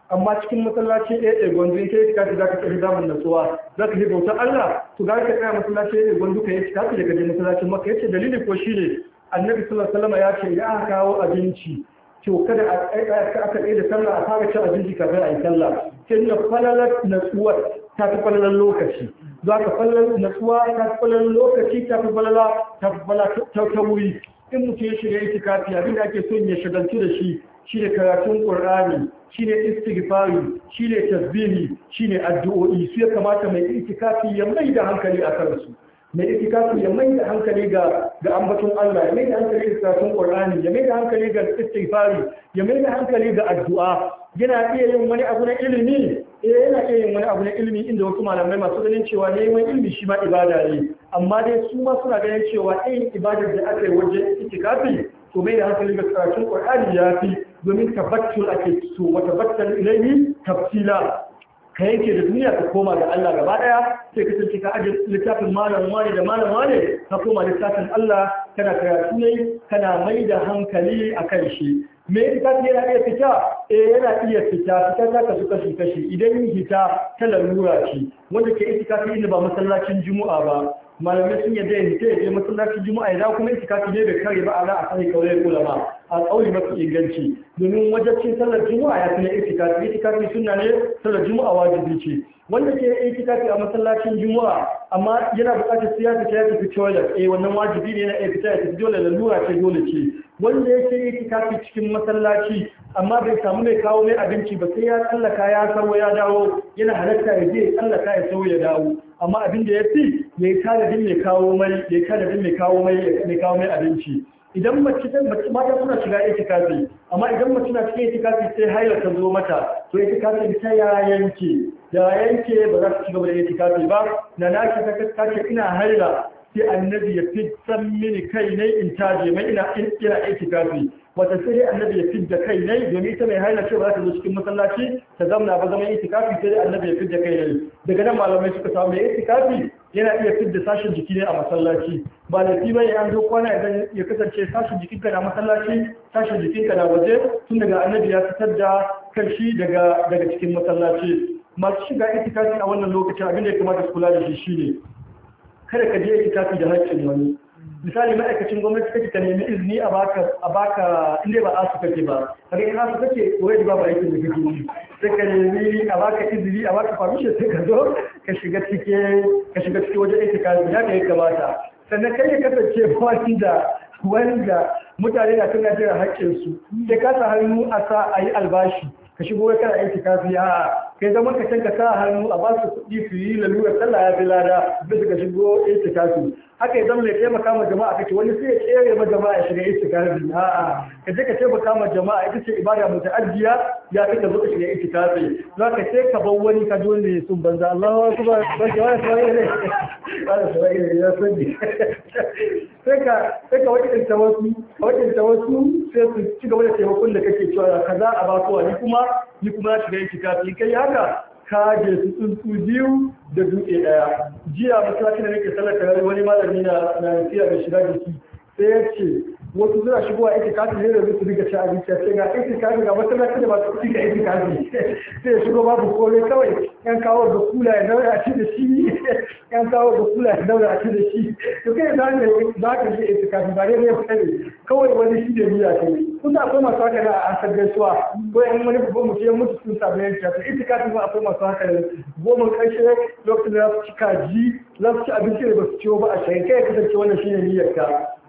amma cikin masallaci ɗaya ɗaya gwanzu kai ka kashi za ka tafi zamun tsuwa. za ka je bautar Allah to za ka tsaya masallaci ɗaya gwanzu ka yi ka da ka je masallacin maka yace dalili ko shi ne annabi sallallahu alaihi ya ce idan aka kawo abinci to kada a aka ɗaya da sallah a fara cin abinci kafin a yi sallah sai na falalar natsuwa ta fi falalar lokaci za ka falalar natsuwa ta fi falalar lokaci ta fi falala ta fi falala ta wuri in mutum ya shiga itikafi abin da ake son ya shagaltu da shi Shi ne karatun qur'ani shine istighfari shine tasbihi ne addu'o'i su ya kamata mai itikafi ya mai da hankali a kansu mai itikafi ya mai da hankali ga ga ambaton Allah ya mai da hankali ga karatun qur'ani ya mai da hankali ga istighfari ya mai da hankali ga addu'a yana iya yin wani abu na ilimi eh yana iya yin wani abu na ilimi inda wasu malamai masu ganin cewa neman ilimi shi ma ibada ne amma dai su ma suna ganin cewa ɗayan ibadar da aka yi wajen itikafi to mai da hankali ga karatun qur'ani ya fi domin tabbatul ake so wa tabbatar ilimi tafsila ka yanke da duniya ka koma da Allah gaba daya sai ka tsinci ka aje littafin malam wani da malam wani ka koma littafin Allah kana karatu ne kana mai da hankali akan shi me ne yana iya fita eh yana iya fita fita ta kasu kashi kashi idan hita ta lura ce wanda ke itikafi inda ba masallacin juma'a ba malamai sun yadda yin ta yaje masallacin juma'a ya kuma kuma itikafi ne bai kare ba a za a sani kula ba a tsauri mafi inganci domin cin sallar juma'a ya fi na itikafi itikafi suna ne sallar juma'a wajibi ce wanda ke itikafi a masallacin juma'a amma yana bukatar sai ya fita ya tafi toilet eh wannan wajibi ne yana iya fita ya tafi dole lalura ce dole ce wanda ya ce yake kafi cikin masallaci amma bai samu mai kawo mai abinci ba sai ya tsallaka ya sawo ya dawo yana halatta ya je ya tsallaka ya sawo ya dawo amma abin da ya fi ya yi tanadin mai kawo mai ya yi tanadin mai kawo mai mai kawo mai abinci idan mace dan mace ta suna shiga kafi, amma idan mace na cikin kafi sai haila ta zo mata to kafi ta ya yanke ya yanke ba za su ci gaba da itikafi ba na naki ta kake ina haila sai annabi ya san mini kai ne in taje mai ina ina itikafi wata sai annabi ya da kai ne domin ita mai haila ce ba za ta zo cikin masallaci ta zamna ba zaman itikafi sai annabi ya da kai ne daga nan malamai suka samu mai itikafi yana iya fidda sashen jiki ne a masallaci ba da fi bai an zo kwana idan ya kasance sashen jikinka na masallaci sashen jikinka na waje tun daga annabi ya fitar da kashi daga daga cikin masallaci masu shiga itikafi a wannan lokacin abinda ya kamata su kula da shi shine kada ka je itikafi da haƙƙin wani misali ma'aikacin gwamnati kake ka nemi izini a baka a baka inda ba asu kake ba kaga in asu kake already ba ba aikin da kake yi sai ka nemi a baka izini a baka permission sai ka zo ka shiga cikin ka shiga cikin wajen itikafi ya yi kamata sannan kai ya kasance wani da wanda mutane na tunatar jira haƙƙinsu Da kasa hannu a sa a yi albashi ka shigo ya kana aiki kafi a kai zama ka canka sa hannu a basu kuɗi su yi lalura sallah ya fi lada bisa ka shigo aiki kafi haka ya zama ya taimaka jama'a kake wani sai ya tsere ma jama'a ya shiga aiki kafi a'a ka je ka taimaka ma jama'a ita ce ibada mu ta'addiya ya fi shi zo ka shiga itikafi za ka sai ka bar wani ka ji wanda ya sun banza Allahu akbar ba ki wani sai ne ba da sai ne ya sani sai ka sai ka wasu wasu sai su ci gaba da taimakon da kake cewa kaza a ba kowa ni kuma ni kuma na shiga itikafi kai haka ka je su tsuntsu biyu da dutse daya jiya masallaci ne nake sallar wani malami na na siya da shiga jiki sai ya ce wasu suna shigowa itikafi ne da zai su riga ci abinci a ce ga itikafi ga masallaci da masu kuɗi ga itikafi sai ya shigo babu kore kawai yan kawo da kula ya daura a ci da shi yan kawo da kula ya daura a ci da shi to kai za ka za ka je itikafi ba dai ne fare kawai wani shi da biya kai kuma akwai masu haka da a san gaisuwa ko yan wani babban mutum ya mutu sun samu yanki to itikafi ma akwai masu haka da goma karshe lokacin da za su ci kaji za su ci abinci da ba su ciwo ba a shayin kai ya kasance wannan shi ne niyyar ka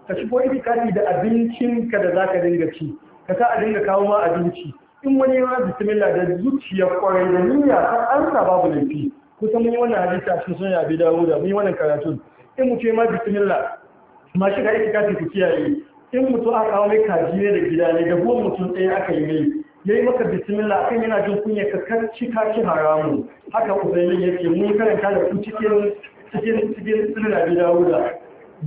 ka shigo itikafi da abincin ka da zaka dinga ci ka sa a dinga kawo ma abinci in wani ma bismillah da zuciya kwarai da niyya an ansa babu laifi kusan mun yi wannan hadisi a cikin sunan abi da. mun yi wannan karatu in mu ce ma bismillah ma shiga itikafi ku kiyaye in mutum aka kawo mai kaji ne da gida ne da buwan mutum ɗaya aka yi mai yayi maka bismillah kan yana jin kunya ka karci kaci haramu haka usaini yake mun karanta da ku cikin cikin cikin sunan abi da.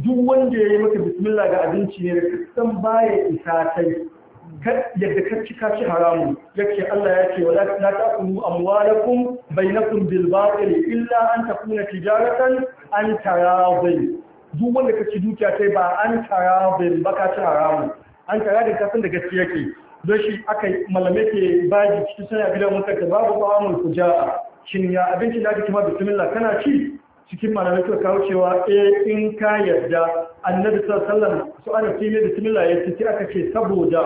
duk wanda ya yi maka bismillah ga abinci ne da san baya isa kai yadda ka cika ci haramu yake Allah ya ce wala la ta'kulu amwalakum bainakum bil batil illa an takuna tijaratan an taradhi duk wanda ka ci dukiya sai ba an taradhi ba ka ci haramu an taradhi ka san da gaskiya ke don shi aka malame ke baji cikin sana gidan mutaka babu ta'amul kujaa shin ya abinci da kake ma bismillah kana ci cikin malamai suka kawo cewa e in ka yarda annabi sallallahu alaihi wasallam su ana ne bismillah ya ce aka ce saboda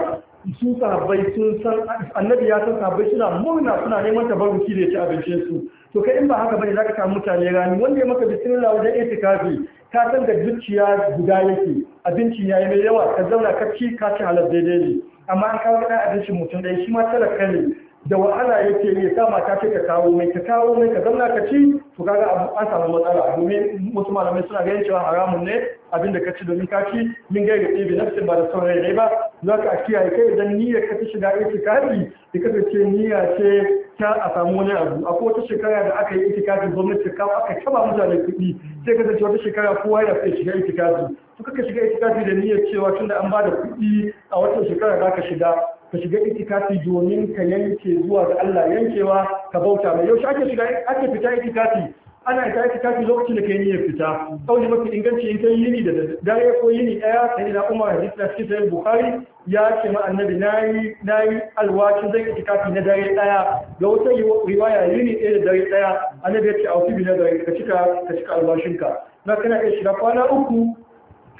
su sahabbai sun san annabi ya san sahabbai suna murna suna neman tabarruki da ya ci abincin su to kai in ba haka bane zaka samu mutane rani wanda ya maka bismillah wajen itikafi ka san da zuciya guda yake abincin yayi mai yawa ka zauna ka ci ka ci halal daidai ne amma an kawo da abincin mutum ɗaya shi ma talaka ne da wahala yake ne kama ka ka kawo mai ka kawo mai ka zamna ka ci to kaga an samu matsala domin wasu malamai suna ganin cewa haramun ne abinda ka ci domin ka ci min gaira ɗebe nafsin ba da sauran rai ba za ka kiyaye kai idan niyyar ka ci shiga itikafi da ce niyya ce ta a samu wani abu akwai wata shekara da aka yi itikafi gwamnati ka aka taba mutane kuɗi sai ka kasance wata shekara kowa ya sai shiga itikadi to kaka shiga itikadi da niyyar cewa tunda an ba da kuɗi a wata shekara za ka shiga ka shiga itikafi domin ka yanke zuwa ga Allah yankewa ka bauta mai yaushe ake shiga ake fita itikafi ana ita itikafi lokacin da ka niyyar fita kauli mafi inganci in kai yini da dare ko yini daya sai ina Umar hadisi da cikin sahih Bukhari ya ce ma annabi nayi nayi alwacin zai itikafi na dare daya ga wata riwaya yini daya da dare daya annabi ya ce aufi bi na dare ka cika ka cika alwashinka na kana iya shiga kwana uku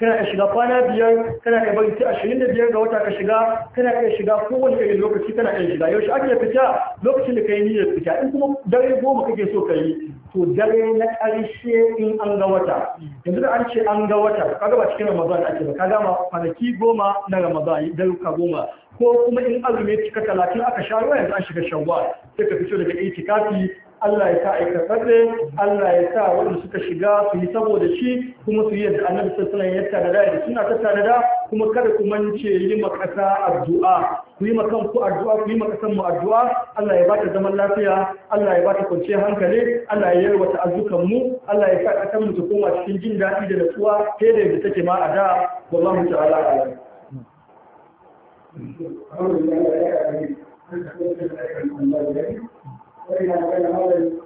kana iya shiga kwana biyar kana iya bari ta ashirin da biyar ga wata ka shiga kana iya shiga kowane irin lokaci kana iya shiga yaushe ake fita lokacin da ka yi niyyar fita in kuma dare goma kake so ka yi to dare na ƙarshe in an ga wata yanzu da an ce an ga wata ka gaba cikin ramadan ake ba ka gama kwanaki goma na ramadan ka goma ko kuma in azumi cika talatin aka sha ruwa yanzu an shiga shawwal sai ka fito daga itikafi Allah ya sa a yi Allah ya sa waɗanda suka shiga su yi saboda shi kuma su yi yadda annabi sassanan ya tanada da suna ta da kuma kada ku mance yi makasa addu'a ku yi makan ku addu'a ku yi makasan mu addu'a Allah ya bata zaman lafiya Allah ya bata kwanciyar hankali Allah ya yarwata azukan mu Allah ya sa kasar mu ta koma cikin jin daɗi da natsuwa ke da yadda take ma a da wallahu ta'ala Thank you. wannan magana malam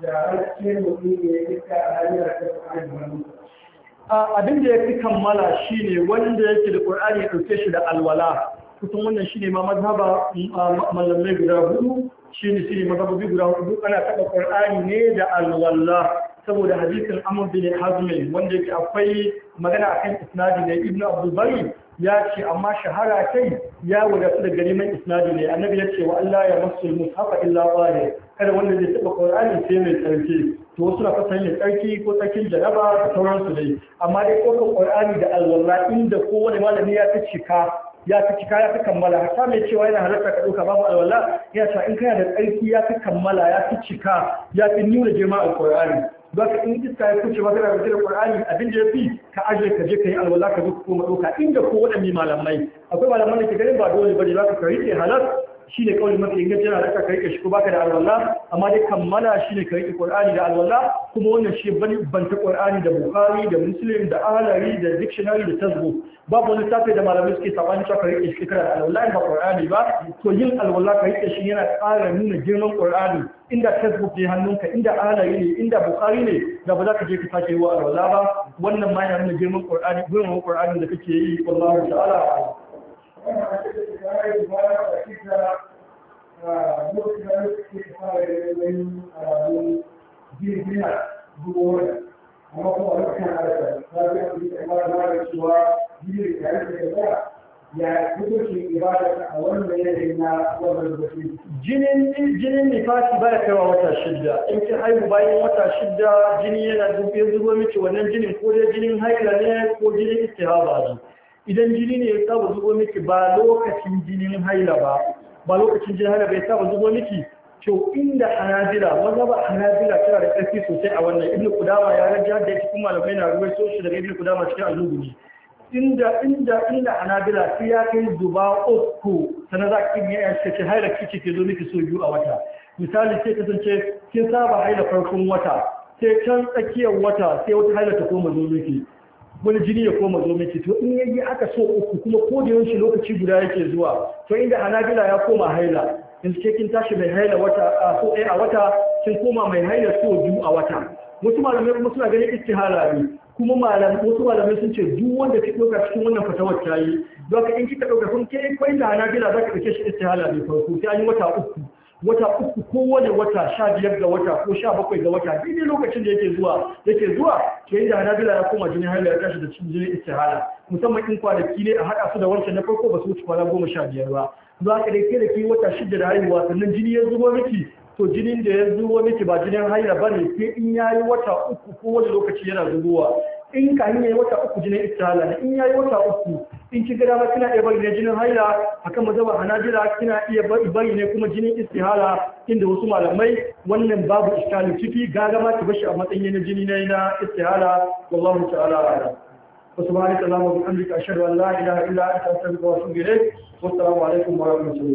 da haske mutum ya iska a hanyar ta abin da ya fi kammala shine wanda yake da Qur'ani ya ɗauke shi da alwala kusan wannan shine ma mazhaba mallamai guda hudu shine shine biyu guda hudu ana taɓa Qur'ani ne da alwala saboda hadisin Amr bin Hazm wanda yake akwai magana akan isnadi da Ibn Abdul Bari ya ce amma shahara kai ya wadatu daga neman isnadi ne annabi ya ce wa Allah ya masu haka illa wahid kada wanda zai taba Qur'ani sai mai tsarki to wasu na fasan ya tsarki ko tsakin jaraba da sauransu dai amma dai ko Qur'ani da alwala inda kowane malami ya ta cika ya fi cika ya kammala hata mai cewa yana halarta ka ɗauka babu alwala ya ce in kana da tsarki ya fi kammala ya fi cika ya fi nuna girma alƙur'ani don ka in iska ya kuce maka daga cikin Qur'ani abin da ya fi ka aje ka je ka yi alwala ka zo ko madoka inda ko waɗanne malamai akwai malamai da ke ganin ba dole ne za ka karike halar. shi ne kawai mafi inganci yana daga ka shi ko baka da alwala amma dai kammala shi ne ka rike qur'ani da alwala kuma wannan shi banta qur'ani da bukhari da muslim da ahlari da dictionary da tasbo babu wani tafi da malamai suke sabani cewa ka rike shi kana alwala ba qur'ani ba to yin alwala ka rike shi yana ƙara nuna girman qur'ani inda tasbo ne hannunka inda ahlari ne inda bukhari ne da ba za ka je ka sake yi wa alwala ba wannan ma yana nuna girman qur'ani girman qur'ani da kake yi wallahi ta'ala wannan a cikin da ba a da da amma kuma da da ya ya ibada a wannan na wannan jinin baya kaiwa wata shidda in kin haihu bayan wata shidda jini yana zubo miki wannan jinin ko dai jinin haila ne ko jinin istihaba ne idan jini ne ya saba zubo miki ba lokacin jinin haila ba ba lokacin jini haila ba ya saba zubo miki to inda hanabila wanda ba hanabila tana da ƙarfi sosai a wannan ibnu kudama ya rajja da cikin malamai na ruwai so shi daga ibnu kudama cikin al inda inda inda hanabila sai ya kai zuba uku sanan za ki iya ce ce haila kici ke zo miki so biyu a wata misali sai kasance kin saba haila farkon wata sai can tsakiyar wata sai wata haila ta koma zo miki wani jini ya koma zo miki to in yayi aka so uku kuma ko da yawanci lokaci guda yake zuwa to inda hanabila ya koma haila in ce kin tashi mai haila wata a so ɗaya a wata kin koma mai haila so biyu a wata wasu malamai kuma suna ganin istihala ne kuma malam wasu malamai sun ce duk wanda ka ɗauka cikin wannan fatawar ta yi don ka in kika ɗauka kun kai kwai da hanabila za ka shi istihala ne farko sai an yi wata uku wata uku ko wani wata sha biyar ga wata ko sha bakwai ga wata daidai lokacin da yake zuwa yake zuwa ke hana bila ya koma jini hanyar ya tashi da cikin jini istihala musamman in kwanaki ne a haɗa su da wancan na farko ba su wuce kwana goma sha biyar ba za ka dai ke da ke wata shida da haihuwa sannan jini ya zubo miki to jinin da ya zubo miki ba jinin haila ba ne sai in ya yi wata uku ko wani lokaci yana zubowa in ka hanyar wata uku jinin istihala in ya yi wata uku in ki gada ba kina iya bari ne jinin haila akan mazhabar hanajira kina iya bari ne kuma jinin istihala inda wasu malamai wannan babu iskali ciki gaga ma ki bashi a matsayin na jini ne na istihala wallahu ta'ala a'lam وسبحانك اللهم وبحمدك اشهد ان لا اله الا انت استغفرك واتوب اليك والسلام عليكم ورحمه الله